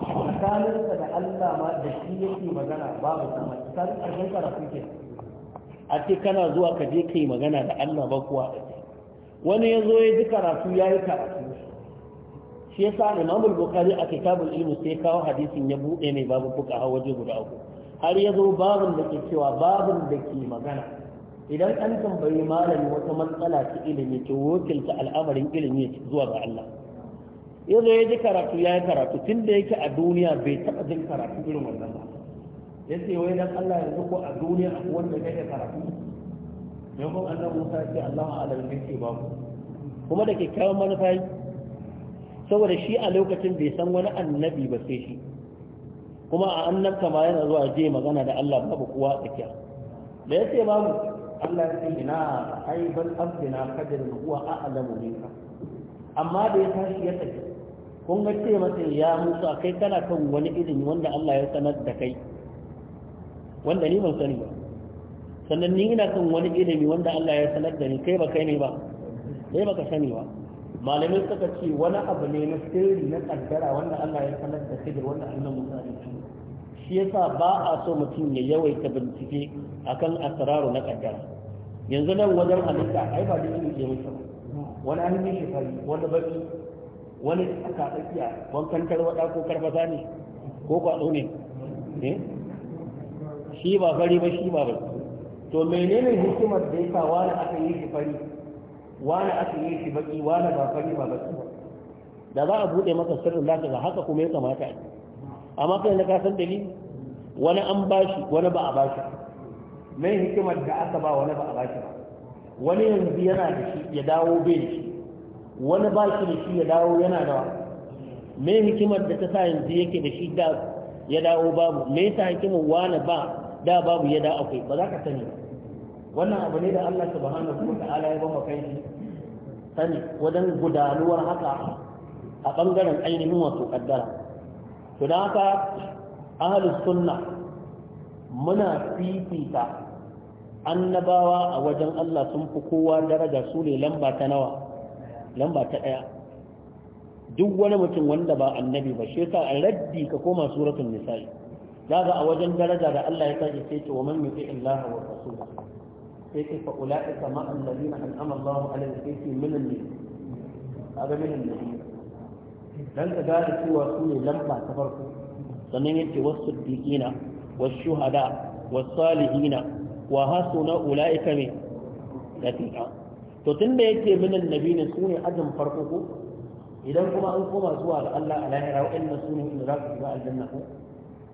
tsakaninsa da Allah ma da shi yake magana babu sama tsarin ƙarshen karatu ke a ce kana zuwa ka je kai magana da Allah ba kuwa wani ya zo ya ji karatu ya yi karatu shi ya sa imam bukari a kitabul ilmu sai kawo hadisin ya buɗe mai babu fuka waje guda uku har ya zo babin da ke cewa babin da ke magana idan an tambayi malami wata matsala ta ilimi ta wakilta al'amarin ilimi zuwa ga Allah yanzu ya ji karatu ya yi karatu tun da yake a duniya bai taɓa jin karatu irin wannan ba ya ce wai dan Allah yanzu ko a duniya a wanda kai karatu yau kuma Allah Musa ce Allah alam ne ke ba ku. kuma da kyakkyawan manufa saboda shi a lokacin bai san wani annabi ba sai shi kuma a annabta ma yana zuwa je magana da Allah babu kowa tsakiya da ya ce babu Allah ya ce ina ai bal abdina kadir huwa a'lamu minka amma da ya tashi ya tafi kun ga ce masa ya musa kai kana kan wani ilimi wanda Allah ya sanar da kai wanda ni ban sani ba sannan ni ina kan wani ilimi wanda Allah ya sanar da ni kai ba kai ne ba kai baka sani ba malamai suka ce wani abu ne na sirri na kaddara wanda Allah ya sanar da kai wanda Allah musa ne shi yasa ba a so mutum ya yawaita bincike akan asraru na kaddara yanzu nan wajen halitta ai ba da ilimi ke mutum wani hannun shi fari wani baki wani aka tsakiya kantar wada ko karfasa ne ko kwado ne eh? shi ba fari ba shi ba ba to menene hikimar da yasa wani aka yi shi fari wani aka yi shi baki wani ba fari ba ba da za a bude masa sirrin lafiya haka kuma ya kamata a yi amma kai ka kasan dalili wani an bashi wani ba a bashi mai hikimar da aka ba wani ba a bashi ba wani yanzu yana da shi ya dawo bai da shi wani ba shi da shi ya dawo yana da mai hikimar da ta sa yanzu yake da shi da ya dawo babu me yasa hikimar wani ba da babu ya da akwai ba za ka sani wannan abu ne da Allah subhanahu wa ta'ala ya ba mu kai sani wajen gudanuwar haka a bangaren ainihin wato kaddara to don haka ahalus sunna muna fifita annabawa a wajen Allah sun fi kowa daraja su ne lamba ta nawa lamba ta ɗaya duk wani mutum wanda ba annabi ba shi yasa a raddi ka koma suratul nisa'i daga a wajen daraja da Allah ya sake sai ce wa man yuti Allah wa rasul sai ce ma'an ulaika ma alladhina an'ama Allah alaihim min al-nabiyyin kaga min al-nabiyyin dan ka gane cewa su ne lamba ta farko sannan yace was-siddiqina wasu shuhada was-salihina wa hasuna ulaika min rafiqa to tun da yake minan ne su ne ajin farko ko idan kuma an koma zuwa ga Allah a lahira wa'annan su ne inda za ku shiga aljanna ko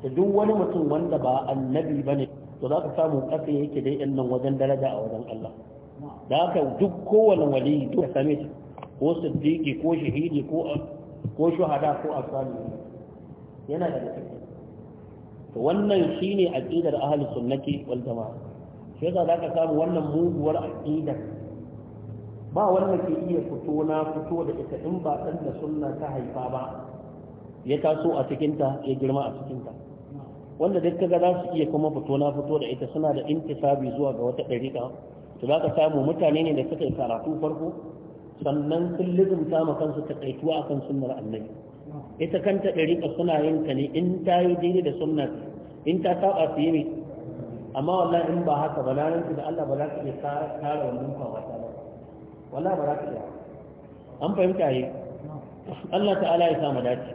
da duk wani mutum wanda ba annabi ne to za ka samu kafa yake dai ɗan nan wajen daraja a wajen Allah da haka duk kowane wali duk same ko siddiqi ko shahidi ko ko shuhada ko asali yana da cikin to wannan shine aqidar ahlus sunnati wal jamaa sai da zaka samu wannan muguwar aqidar ba wanda ke iya fito na fito da ita in ba dan da sunna ta haifa ba ya taso a cikin ta ya girma a cikin ta wanda duk kaga za su iya kuma fito na fito da ita suna da intisabi zuwa ga wata dariƙa to zaka samu mutane ne da suka yi karatu farko sannan sun lizumta ma kansu ta takaituwa akan sunnar annabi ita kanta ɗariƙa suna yin ta ne in ta yi daidai da sunna in ta saba su yi ne amma wallahi in ba haka ba nan da Allah ba za ka iya kare wannan fawata ba wallahi ba za ka iya an fahimta yi Allah ta'ala ya samu dace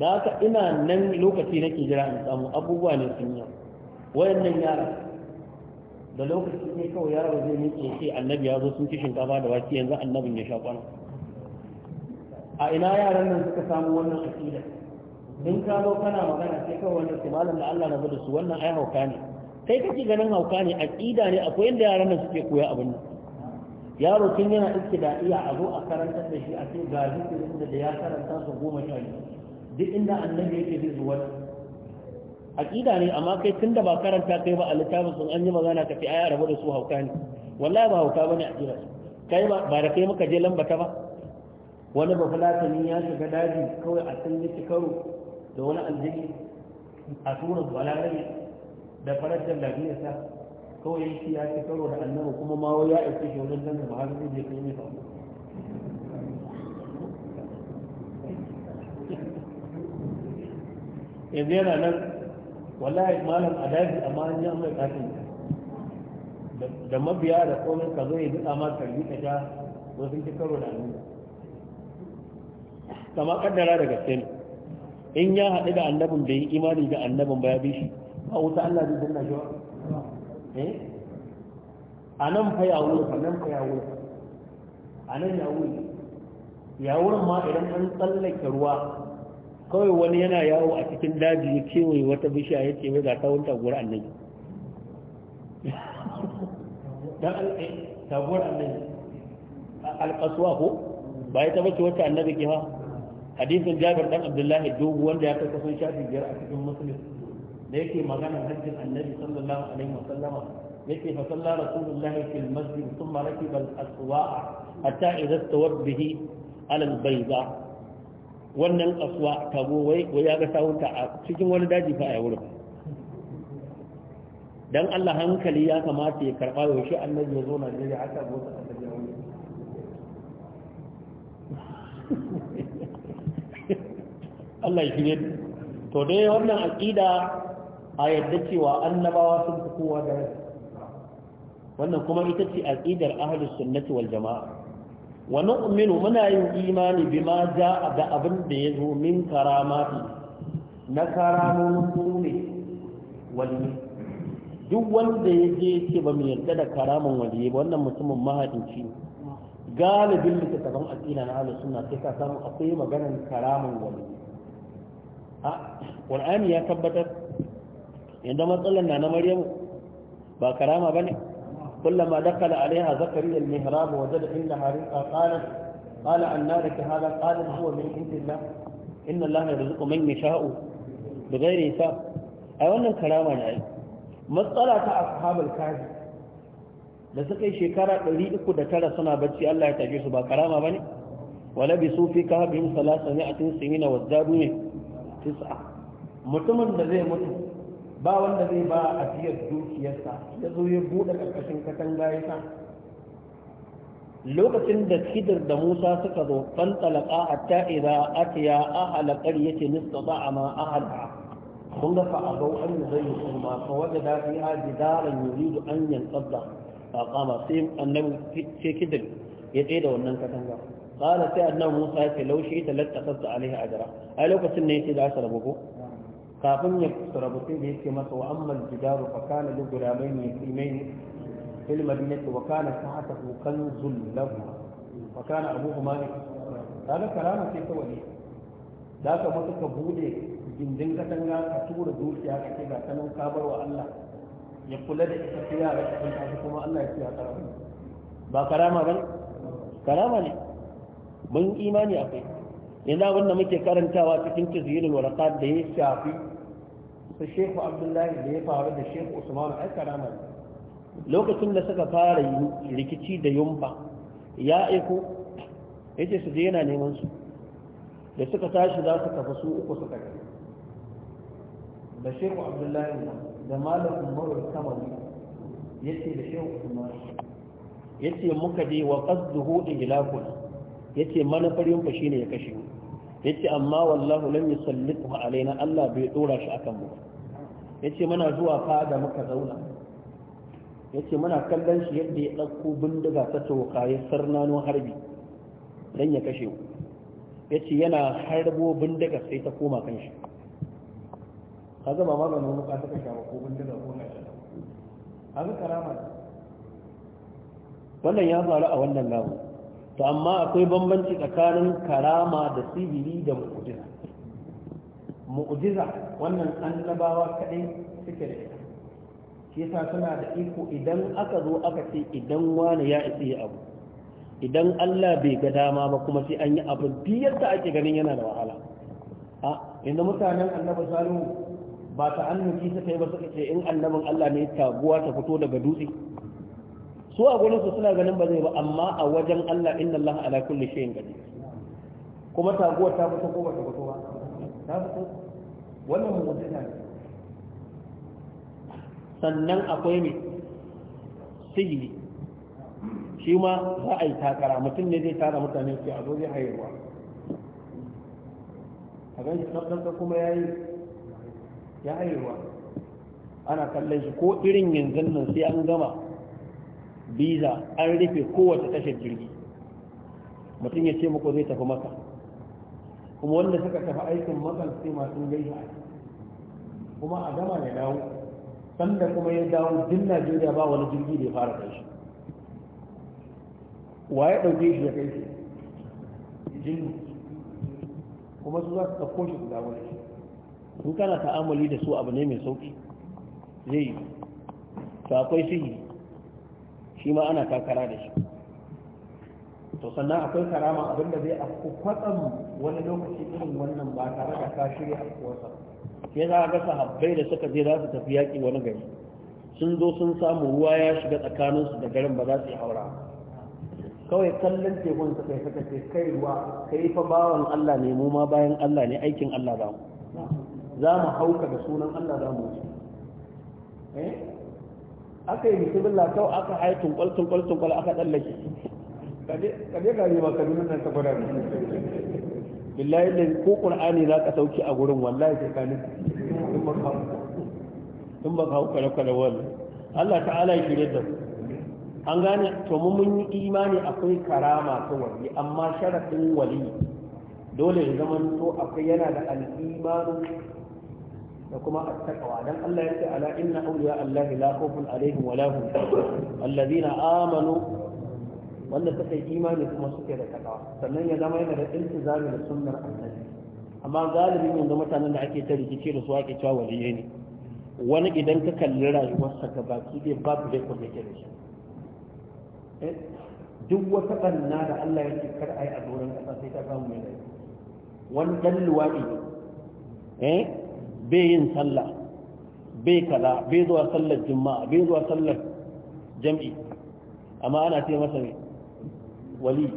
da haka ina nan lokaci nake jira in samu abubuwa ne sun yi wayannan yara da lokaci ne kawai yaro zai miƙe sai annabi ya zo sun ci shinkafa da wake yanzu annabin ya sha kwana a ina yaran nan suka samu wannan aƙida in ka zo kana magana sai kawai wannan malam da Allah na da su wannan ai hauka ne kai kake ganin hauka ne aƙida ne akwai inda yaran nan suke koya abin nan yaro kin yana iske da iya a zo a karanta da shi a cikin ga da ya karanta su goma sha biyu duk inda annabi yake zai zuwa aqida ne amma kai tunda ba karanta kai ba a littafin sun an yi magana ka fi aya rabu da su hauka ne wallahi ba hauka bane aqida kai ba ba da kai muka je lambata ba wani ba ni ya shiga daji kawai a san yi karo da wani aljini a tura balarabe da farajar lafiyarsa kawai shi ya ci karo da annabi kuma ma ya aike shi wajen zanen ba har zai je kai mai ba yanzu yana nan wallahi malam a daji amma an yi amma ya da mabiya da komai ka zo ya duka ma yi ta ko wasu ci karo da nuna kama kaddara da gaske ne in ya haɗu da annabin bai yi imani da annabin ba ya bi shi ba wuta Allah zai danna shi eh a nan fa ya wuri a nan fa ya wuri a nan ya wuri ya wurin ma idan an tsallake ruwa kawai wani yana yawo a cikin daji ya kewaye wata bishiya ya ce ga ta wani taguwar annabi dan alƙai eh, taguwar annabi alƙasuwa ko ba ya taɓa tabbace wata annabi ke ha hadisin jabir dan abdullahi dogo wanda ya kai kusan shafi biyar a cikin musulun da yake magana hajjin annabi sallallahu alaihi wasallama yake fa salla rasulullahi fil masjid thumma rakiba al-aswa hatta idza istawat bihi ala al-bayda wannan kasuwa tago wai wai ya ga sawunta a cikin wani daji fa a wurin dan Allah hankali ya kamata ya karba yaushe annabi ya zo Najeriya haka bota annabi ya Allah ya ne to dai wannan aqida a yadda cewa annabawa sun fi kowa da wannan kuma ita ce aqidar ahlus sunnati wal jama'a wa nu'minu muna yin imani bima ja da abin da ya zo min karamati na karamomin sune wali duk wanda ya je ce ba mu yarda da karaman wali ba wannan mutumin mahadinci da galibin ban asina na ala sunna sai ka samu akwai maganar karaman wali a qur'ani ya tabbatar yadda matsalar na na maryamu ba karama bane كلما دخل عليها زكريا المهراب وجد عندها رزقا قالت قال أن لك هذا قال هو من عند الله إن الله يرزق من يشاء بغير حساب أي wannan karama ne ai matsala ta ashabul kafi da suka yi shekara 309 suna bacci Allah ya taje su ba karama ba ne? bi sufi kahbin salasa mi'atin sinina wazadu ne tis'a mutumin da zai mutu ba wanda zai ba a fiyar dukiyarsa ya zo ya buɗe ƙarƙashin katanga ya sa lokacin da kidir da musa suka zo fan talaka hatta idza atiya ahla qaryati nistata ma a ahla kun ga fa abau an yi zai yuzayyu ma fa wajada fiha jidaran yuridu an yanqadda fa qama sai annan ce kidir ya tsaye da wannan katanga Kala sai annan musa ya ce laushi ta lattafta alaiha jira, a lokacin ne ya ce za su rabu ko kafin ya rabu sai da yake masa wa ammal jidaru fa kana li gulamaini yatimaini fil madinati wa kana tahtahu kanzul lahu wa kana abuhuma kaga karama sai kawai da ka mutu ka bude gindin katanga ka tura dukiya ka ce ga sanan ka bar wa Allah ya kula da ita sai yara ta kanta kuma Allah ya tsaya karama ba karama ba karama ne mun imani akwai yanzu abin da muke karantawa cikin tazhirul warqat da ya shafi su shehu abdullahi da ya faru da shehu usman al karama lokacin da suka fara rikici da yumba ya aiko yace su je yana neman su da suka tashi za su tafi su uku su kai da shehu abdullahi da malam umaru kamali yace da shehu usman yace muka je wa qasduhu ila kulli yace manufar fa shine ya kashe mu yace amma wallahu lam yusallitu alaina Allah bai dora shi akan mu yace muna zuwa da muka zauna yace muna kallon shi yadda ya dauko bindiga ta toka sarnano harbi dan ya kashe mu yace yana harbo bindiga sai ta koma kan shi kaga ba maganin muka ta kashe ko bindiga ko na shi kaga karama wannan ya faru a wannan lawo to amma akwai bambanci tsakanin karama da sihiri da mu'ujiza mu'ujiza wannan annabawa kaɗai suke da ita shi yasa suna da iko idan aka zo aka ce idan wani ya isa ya abu idan Allah bai ga dama ba kuma sai an yi abu biyar da ake ganin yana da wahala a inda mutanen annabi salihu ba ta annabi suka yi ba suka ce in annabin Allah ne taguwa ta fito daga dutse su a gurin su suna ganin ba zai ba amma a wajen Allah inna Allah ala kulli shay'in qadir kuma taguwar ta fito ko ta fito ba ta fito wannan mu'jiza ne sannan akwai ne sihiri shi ma za a yi takara mutum ne zai tara mutane su a zo zai hayarwa a gan shi tsarkaka kuma ya yi ya hayarwa ana kallon shi ko irin yanzu nan sai an gama biza an rufe kowace tashar jirgi mutum ya ce muku zai tafi maka kuma wanda suka tafi aikin makan sai masu gaisa kuma a gama ya dawo sanda kuma ya dawo duk najeriya ba wani jirgi da ya fara kai shi wa ya ɗauke shi ya kai shi jirgi kuma su za su ɗauko shi su dawo da shi in kana ta'amali da su abu ne mai sauki zai yi to akwai shi shi ma ana takara da shi to sannan akwai karama abinda zai afku kwatsam wani lokaci irin wannan ba tare da ka shirya afkuwarsa sai za a ga sahabbai da suka je za su tafi yaƙi wani gari sun zo sun samu ruwa ya shiga tsakaninsu da garin ba za su yi haura kawai kallon tekun su kai suka ce kai ruwa kai fa bawan Allah ne mu ma bayan Allah ne aikin Allah za mu za mu hauka da sunan Allah za mu eh? aka yi bismillah kawai aka haye tunkwal tunkwal tunkwal aka tsallake je ka yi maka nuna nan saboda billahi ne ko qur'ani za ka sauki a gurin wallahi sai ka nufi in ba ka hau kare kare wani. Allah ta'ala ya shirya da an gane to mu mun yi imani akwai karama ta wali amma sharafin wali dole ya zama to akwai yana da al'imanu da kuma attaqwa dan Allah yace ala inna awliya Allah la khawfun alaihim wa la hum alladhina amanu wanda suka yi imani kuma suke da takawa sannan ya zama yana da iltizami da sunnar annabi amma galibin yanzu mutanen da ake ta rikice da su ake cewa waliyai ne wani idan ka kalli rayuwarsa ga baki ɗaya babu zai kuma yake da shi eh, duk wata ɓanna da Allah ya ce kar a yi a doron kasa sai ta samu mai rai wani ɗan luwaɗi eh bai yin sallah bai kaza bai zuwa sallar juma'a bai zuwa sallar jam'i amma ana ce masa ne wali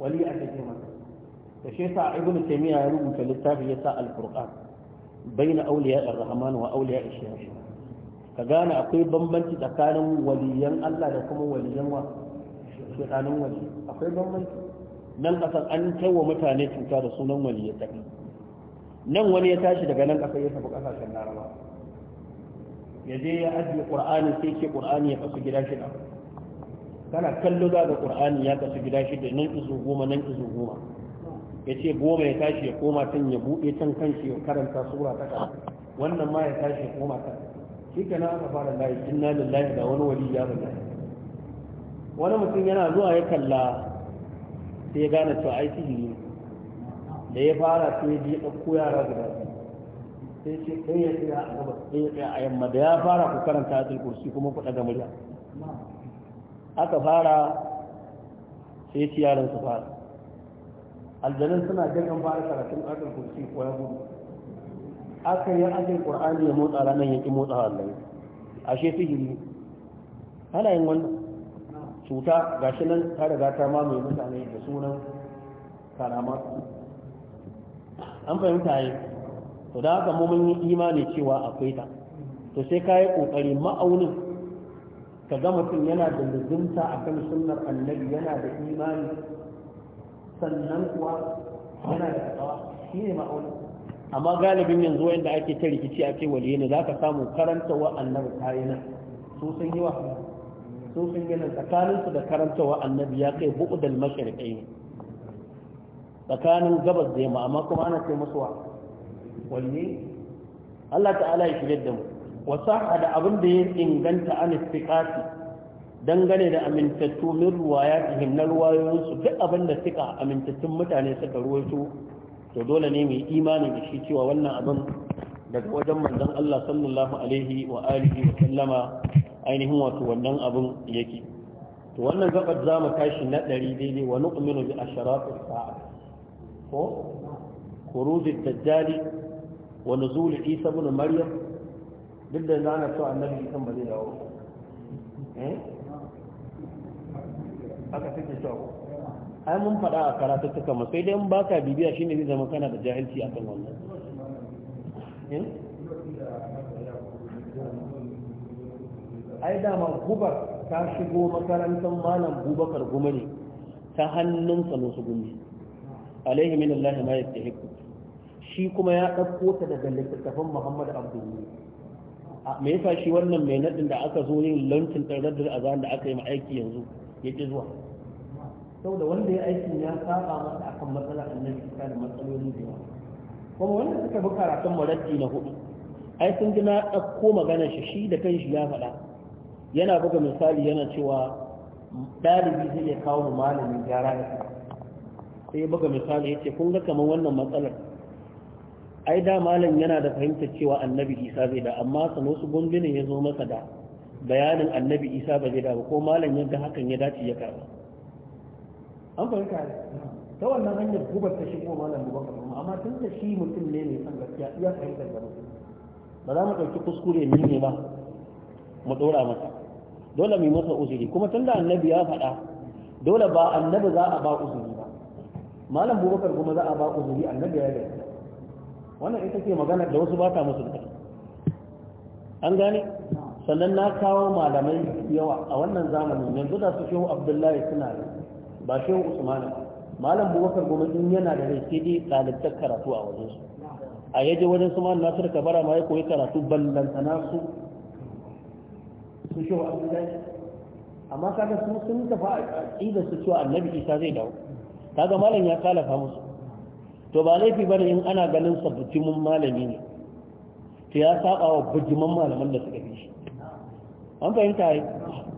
wali aka ce masa da shi sa Ibn taymiya ya rubuta littafi ya sa al-qur'an baina awliya ar-rahman wa awliya ash-shaytan ka gane akwai bambanci tsakanin waliyan Allah da kuma waliyan wa shaytanin wali akwai bambanci nan kasan an kai wa mutane cuta da sunan waliyyai nan wani ya tashi daga nan ƙasa ya tafi kasashen laraba ya je ya ajiye ƙur'ani sai ke ƙur'ani ya kasu gida shida kana kallo za ga ƙur'ani ya kasu gida shida nan izu goma nan izu goma ya ce goma ya tashi ya koma can ya buɗe can kanshi ya karanta sura ta ƙasa wannan ma ya tashi ya koma can shi kana aka fara layi inna lillahi da wani wali ya bala wani mutum yana zuwa ya kalla sai ya gane cewa ai sihiri ne da ya fara yi ya ɗauko yara guda sai ce ɗaya ya tsaya a gaba ɗaya ya tsaya a yamma da ya fara ku karanta a kursi kuma ku ɗaga murya aka fara sai ci yaran su fara aljanin suna jirgin fara karatun akan kursi ko ya gudu aka yi ajin ƙur'ani ya motsa ranar ya ƙi motsa wallahi ashe sihiri ana yin wannan cuta gashi nan ta riga ta mamaye mutane da sunan karama an fahimta yi to da haka mu mun yi imani cewa akwai ta to sai ka yi ƙoƙari ma'aunin ka ga mutum yana da luzumta a kan sunnar annabi yana da imani sannan kuwa yana da tsawa shi ne ma'aunin amma galibin yanzu wanda ake ta rikici a ce waliyu ne za ka samu karanta wa annabi ta yi nan su sun yi wa su sun yi nan tsakaninsu da karantawa annabi ya kai buɗu da ne tsakanin gabas da yamma amma kuma ana ce musu Wanne Allah ta'ala ya shirye da mu wasaha da abin da ya inganta an istiqati dangane da amintattu min ruwayatihim na su duk abin da suka amintattun mutane suka ruwaito to dole ne mu yi imani da shi cewa wannan abin daga wajen manzon Allah sallallahu alaihi wa alihi wa sallama ainihin wato wannan abin yake to wannan gabar zamu tashi na 100 daidai wa nu'minu bi asharatis sa'a خروج الدجال ونزول عيسى بن مريم duk da zana so annabi isan ba zai dawo eh? haka suke cewa ai mun faɗa a ta kama sai dai in baka bibiya shine zai zama kana da jahilci a kan wannan eh? ai dama gubar ta shigo makarantar malam bubakar goma ta hannun sanusu gumi alaihi min Allah ma yastahiq shi kuma ya dauko ta daga littafin Muhammad Abdul me yasa shi wannan mai nadin da aka zo yin lancin din raddar azan da aka yi ma aiki yanzu yake zuwa saboda wanda ya aikin ya saba masa akan matsalar annabi ta da matsaloli da yawa kuma wanda suka bi karatun maraddi na hudu ai sun ji na ɗauko magana shi shi da kanshi ya faɗa yana buga misali yana cewa ɗalibi zai iya kawo malamin gyara da sai buga misali yace kun ga kaman wannan matsalar ai da malam yana da fahimtar cewa annabi isa bai da amma sano su gumbinin ya zo masa da bayanin annabi isa ba zai da ba ko malam yanda hakan ya dace ya karba an fahimta ne ta wannan hanyar gubar ta shigo malam bubakar amma tun da shi mutum ne mai san gaskiya iya fahimtar da mutum ba za mu ɗauki kuskure mu ne ba mu ɗora masa dole mu yi masa uzuri kuma tun da annabi ya faɗa dole ba annabi za a ba uzuri malam bubakar kuma za a ba uzuri annabi ya gani wannan ita ce magana da wasu ba ta musu da an gane sannan na kawo malamai yawa a wannan zamanin yanzu da su shehu abdullahi suna ba shehu usmanu malam bubakar kuma in yana da rai sai dai ɗalibtar karatu a wajen su a yaje wajen su malam nasir kabara ma ya koyi karatu ballantana su su shehu abdullahi amma kaga su sun tafi a idan su cewa annabi isa zai dawo kaga malam ya kalafa musu to ba laifi bane in ana ganin sabbutumin malami ne to ya saba wa bujiman malaman da suka fi shi an fahimta yi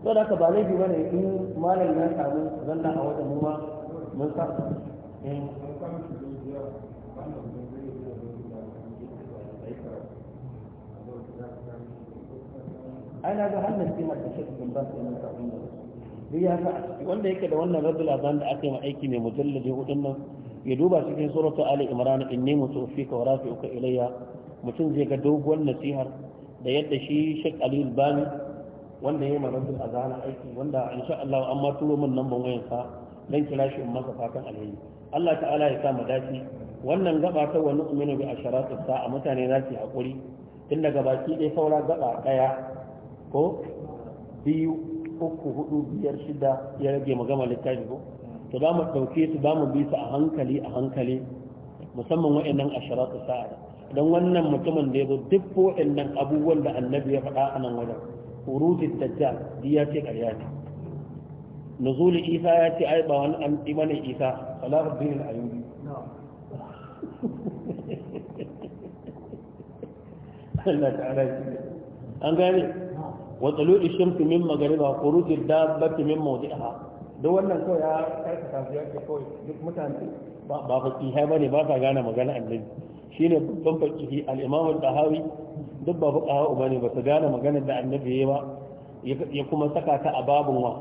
to da ka ba laifi bane in malam ya samu zanna a wata mu ma mun sa eh. ana ga hannun sai da shi ba su yin da duk ya sa a wanda yake da wannan rabbul azan da aka yi aiki mai mujallade hudun nan ya duba cikin suratu ali imran inni ka wa rafi'uka ilayya mutum zai ga doguwar nasihar da yadda shi shek Ali bani wanda yayi rabbul azan aiki wanda insha Allah an ma turo min namban sa dan kira shi in fatan alheri Allah ta'ala ya sa mu dace wannan gaba ta wani uminu bi asharatus a mutane za su hakuri tun daga baki dai saura gaba daya ko biyu uku hudu biyar shida ya rage mu gama littafi ko to ba mu dauke su ba mu bi su a hankali a hankali musamman wa'annan asharatu sa'a dan wannan mutumin da yazo zo duk wa'annan abubuwan da annabi ya faɗa a nan wajen urujin dajjal ya ce ƙarya ne nuzul isa ya ce ai ba wani an imanin isa salahu bin al-ayyubi Allah ta'ala an gane wa tsalu'i shirku min magariba kurujin dabbati min mawdi'aha duk wannan kawai ya karka su yake kawai duk mutane ba faƙihai ba ne ba ta gane magana annabi shine babban faƙihi al-imamu tahawi duk ba fuqaha ba ne ba su gane magana da annabi ya ba ya kuma saka ta a babin wa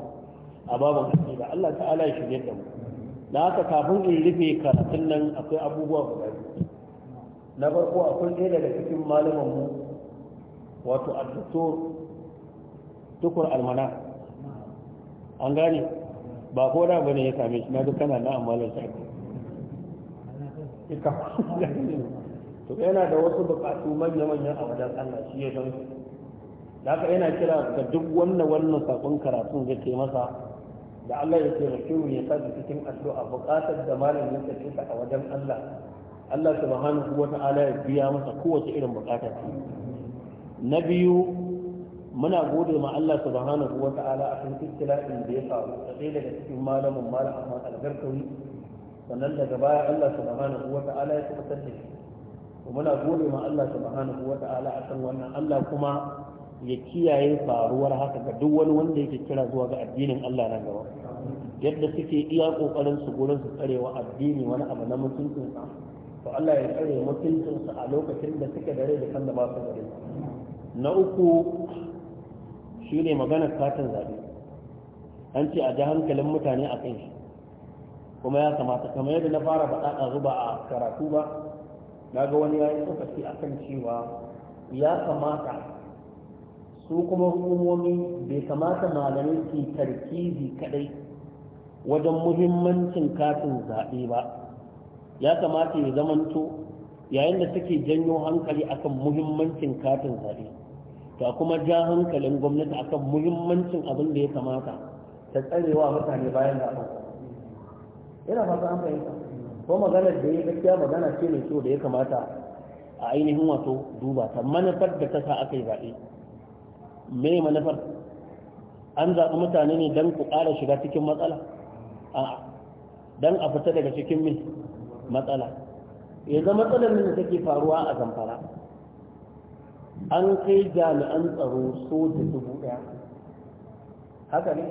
a babun ba. Allah ta'ala ya shirye da mu na haka kafin in rufe karatun nan akwai abubuwa guda na farko akwai ɗaya daga cikin malaman mu wato al tukur almana an gane ba ko da bane ya same shi na duk kana na amalar shi ika to yana da wasu bukatu manya-manyan a wajen Allah shi ya don haka yana kira ga duk wannan wannan sakon karatun zai ke masa da Allah ya ce ne ya sa cikin addu'a bukatar da malamin ya ce a wajen Allah Allah subhanahu wa ta'ala ya biya masa kowace irin bukata ce na biyu muna gode ma Allah subhanahu wa ta'ala akan ittila'in da ya faru da ɗaya daga cikin malamin malam Ahmad Algarkawi sannan daga baya Allah subhanahu wa ta'ala ya tabbatar da shi muna gode ma Allah subhanahu wa ta'ala a kan wannan Allah kuma ya kiyaye faruwar haka ga duk wani wanda yake kira zuwa ga addinin Allah nan gaba yadda suke iya kokarin su gurin su tsarewa addini wani abu na mutuncin sa to Allah ya tsare mutuncin sa a lokacin da suke dare da kan da ba su dare na uku shi ne maganar katin zaɓe an ce a ji hankalin mutane a kan shi kuma ya kamata kamar yadda na fara ba a zuba a karatu ba na ga wani ya yi tsofaffi a kan cewa ya kamata su kuma hukumomi bai kamata malamai su tarkizi kadai wajen muhimmancin katin zaɓe ba ya kamata ya zamanto yayin da suke janyo hankali akan muhimmancin katin zaɓe ta kuma ja hankalin gwamnati akan muhimmancin abin da ya kamata ta tsarewa mutane bayan da abin Ina fata an fahimta ko magana da ya gaskiya magana ce mai kyau da ya kamata a ainihin wato duba ta manufar da ta sa aka yi zaɓe me manufar an zaɓi mutane ne don ku ƙara shiga cikin matsala a don a fita daga cikin mai matsala yanzu matsalar da take faruwa a zamfara an kai jami'an tsaro soja dubu ɗaya haka ne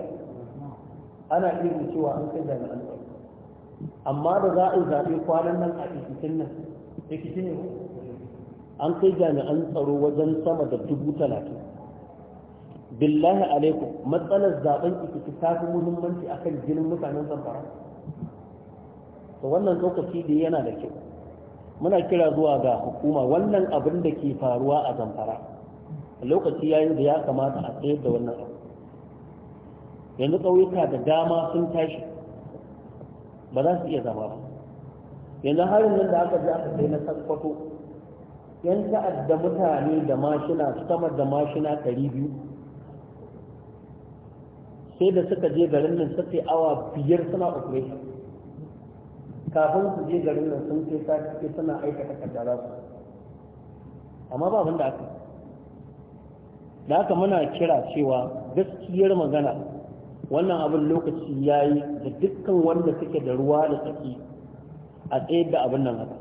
ana iya cewa an kai jami'an tsaro amma da za a zaɓe kwanan nan a ikikin nan ikikin ne an kai jami'an tsaro wajen sama da dubu talatin billahi alaikum matsalar zaben ikiki ta fi muhimmanci akan jinin mutanen zamfara to wannan lokaci da yana da kyau muna kira zuwa ga hukuma wannan abin da ke faruwa a zamfara lokaci yayin da ya kamata a tsayar da wannan abu yanzu ƙauyuka da dama sun tashi ba za su iya zama ba yanzu harin nan da aka ji aka kai na sakkwato yan ta'adda mutane da mashina sama da mashina ɗari biyu sai da suka je garin nan suka awa biyar suna operation kafin su je garin nan sun kai ta kai suna aikata kaddara su amma ba abin da aka da aka muna kira cewa gaskiyar magana wannan abin lokaci ya yi da dukkan wanda suke da ruwa da tsaki a tsayar da abin nan haka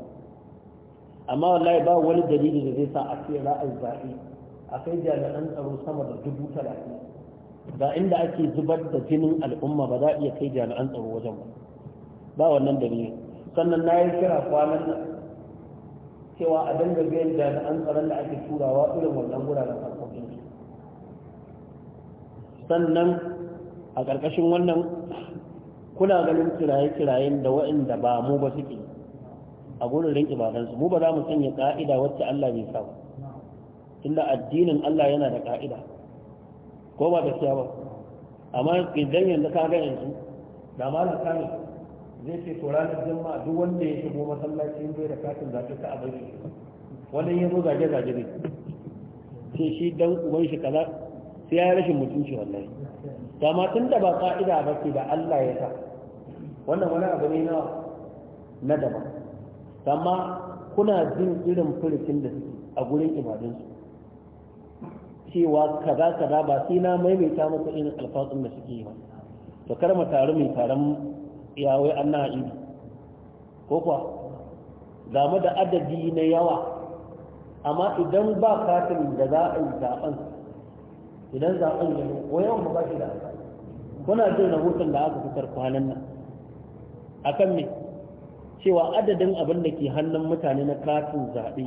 amma wallahi ba wani dalili da zai sa a ce za a zaɓi a kai jami'an tsaro sama da dubu talatin ga inda ake zubar da jinin al'umma ba za a iya kai jami'an tsaro wajen ba ba wannan dalili sannan na yi kira kwanan nan cewa a dinga biyan jami'an tsaron da ake turawa irin wannan guraren harkokin su sannan a ƙarƙashin wannan kuna ganin kiraye-kirayen da waɗanda ba mu ba suke a gurin ibadansu mu ba za mu sanya ƙa'ida wacce Allah bai sa tunda addinin Allah yana da ƙa'ida ko ba gaskiya ba amma idan yanzu ka ga yanzu da na kare. zai ce to ranar jama'a duk wanda ya shigo masallaci bai da katin za ka a shi wannan ya zo zage zage ne sai shi dan uban shi kaza sai ya rashin mutunci wallahi to amma tun da ba ka'ida ba ce da Allah ya sa wannan wani abu ne na na daba amma kuna jin irin furucin da suke a gurin ibadunsu cewa kaza kaza ba sai na maimaita muku irin alfatsun da suke yi ba to kar mu taru mai taron Yawai, an na yi. ko kuwa game da adadi na yawa amma idan ba katin da za a yi zaɓen idan zaɓen ya ko yawan ba shi da kuna jin rahoton da aka fitar kwanan nan A kan me cewa adadin abin da ke hannun mutane na katin zaɓe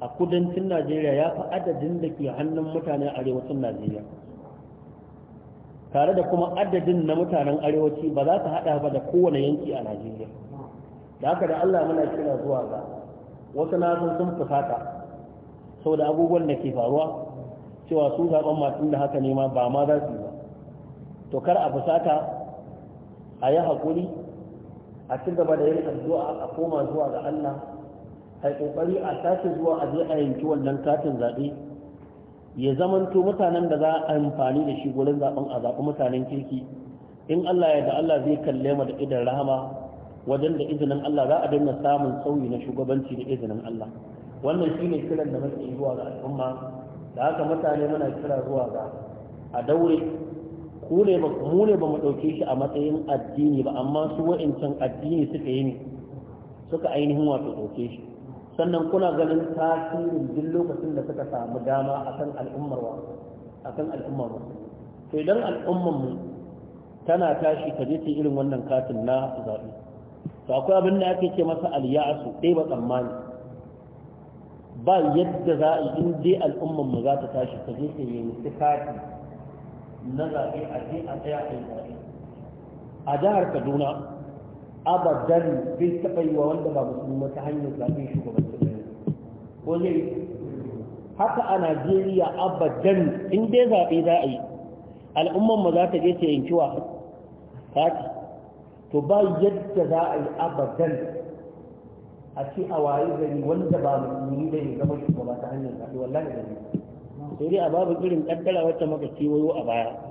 a kudancin najeriya ya fi adadin da ke hannun mutane a arewacin najeriya tare da kuma adadin na mutanen arewaci ba za ta haɗa ba da kowane yanki a najeriya da haka da allah muna kira zuwa ga wasu nasan sun fusata sau da abubuwan da ke faruwa cewa su zaɓen masu da haka nema ba ma za su yi ba to kar a fusata a yi haƙuri a ci gaba da yin addu'a a koma zuwa ga allah a ƙoƙari a sake zuwa a je a yanki wannan katin zaɓe ya zamanto mutanen da za a amfani da shi wurin zaben a zaɓi mutanen kirki in Allah ya da Allah zai kalle mu da idan rahama wajen da izinin Allah za a dinga samun sauyi na shugabanci da izinin Allah wannan shine kiran da muke zuwa ga al'umma da haka mutane muna kira zuwa ga a daure ku ne ba mu ne ba mu dauke shi a matsayin addini ba amma su waancan addini suka yi ne suka ainihin wato dauke shi sannan kuna ganin tasirin duk lokacin da suka samu dama akan al'ummar wa akan al'ummar mu to idan al'ummar mu tana tashi ta je ta irin wannan katin na zaɓe to akwai abin da ake ce masa al-ya'su dai ba tsammani ba yadda za a yi dai al'ummar mu za ta tashi ta je ta yi kati na zaɓe a je a tsaya a yi zaɓe a jihar Kaduna abadan bai taɓa yi wa wanda ba musulmi ta hanyar zaɓen shugabancin ne ko zai haka a najeriya abadan in dai zaɓe za a yi al'umman mu za ta je ta yanki wa kati to ba yadda za a yi abadan a ce a waye gari wanda ba musulmi da ya zama shugaba ta hanyar zaɓe wallahi da ne sai dai a babu irin ƙaddara wacce maka kewayo a baya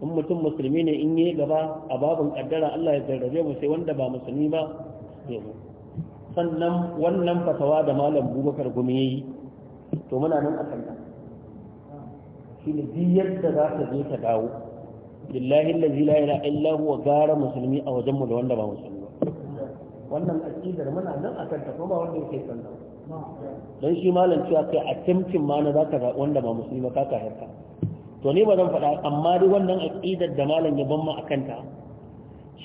in mutum musulmi ne in yi gaba a babin kaddara Allah ya jarrabe mu sai wanda ba musulmi ba ya zo sannan wannan fatawa da malam bubakar gumi ya yi to muna nan a kanta shi ne duk yadda za ta zo ta dawo billahi allazi la ilaha illa huwa gara musulmi a wajen mu da wanda ba musulmi ba wannan aqidar muna nan a kanta kuma wanda yake kanta dan shi malam cewa kai a tamkin ma na zaka ga wanda ba musulmi ba ka ka harka to ne ba zan faɗa amma duk wannan aƙidar da malam ya ban mu a kanta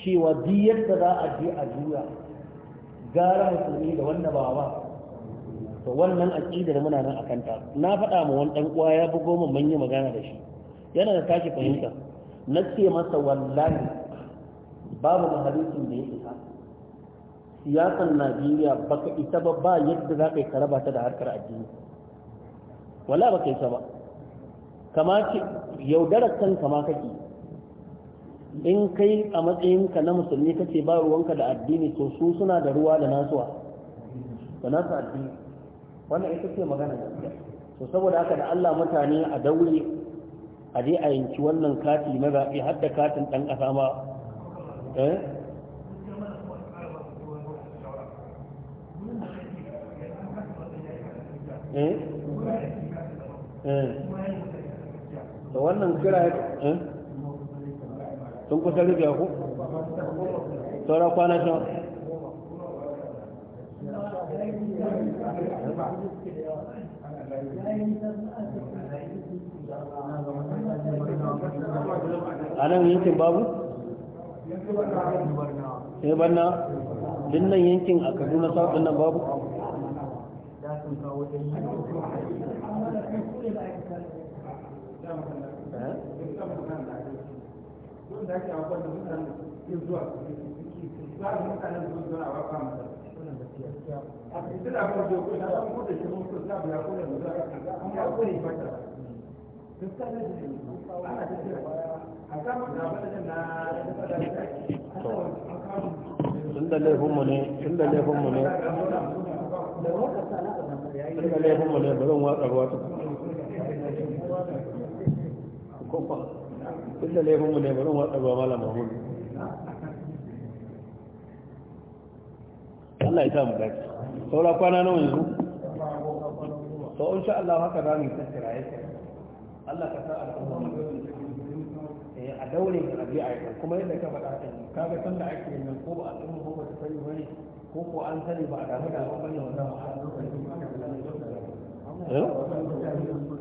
cewa duk yadda za a je a juya gara musulmi da wanda ba ba to wannan aƙidar muna nan a kanta na faɗa ma wani ɗan uwa ya bugo mu manya magana da shi yana da tashi fahimta na ce masa wallahi babu mahalikin da ya isa siyasar najeriya baka isa ba ba yadda za ka yi karaba ta da harkar addini wala baka isa ba kama ce yaudarar kanka kama kake in kai a matsayinka na musulmi kace ba ruwanka da addini to su suna da ruwa da nasuwa da nasu addini wannan ita ce magana gaskiya to saboda haka da Allah mutane a daure a je a yanki wannan kati na zaɓe har da katin ɗan ƙasa ma eh eh eh da wannan kira eh? sun kusa rufe ku saura kwana shan a nan yankin babu? sai banna din nan yankin a kaduna sa'adun nan babu? ya sun kawo ɗin yi Eh? tunda laifinmu ne tunda laifinmu ne laifin laifinmu ne kuma duk ne bari ba Allah ya sa mu dace saura kwana nawa yanzu to insha Allah haka za mu tattara yake Allah ka sa al'umma mu eh, a daure ga rabi'a kuma yadda ka faɗa kaga san da ake nan ko ba al'umma ko ba ta sani bane ko ko an sani ba a damu da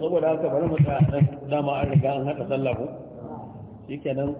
saboda haka bari mu dama an riga an haɗa sallahu shi kenan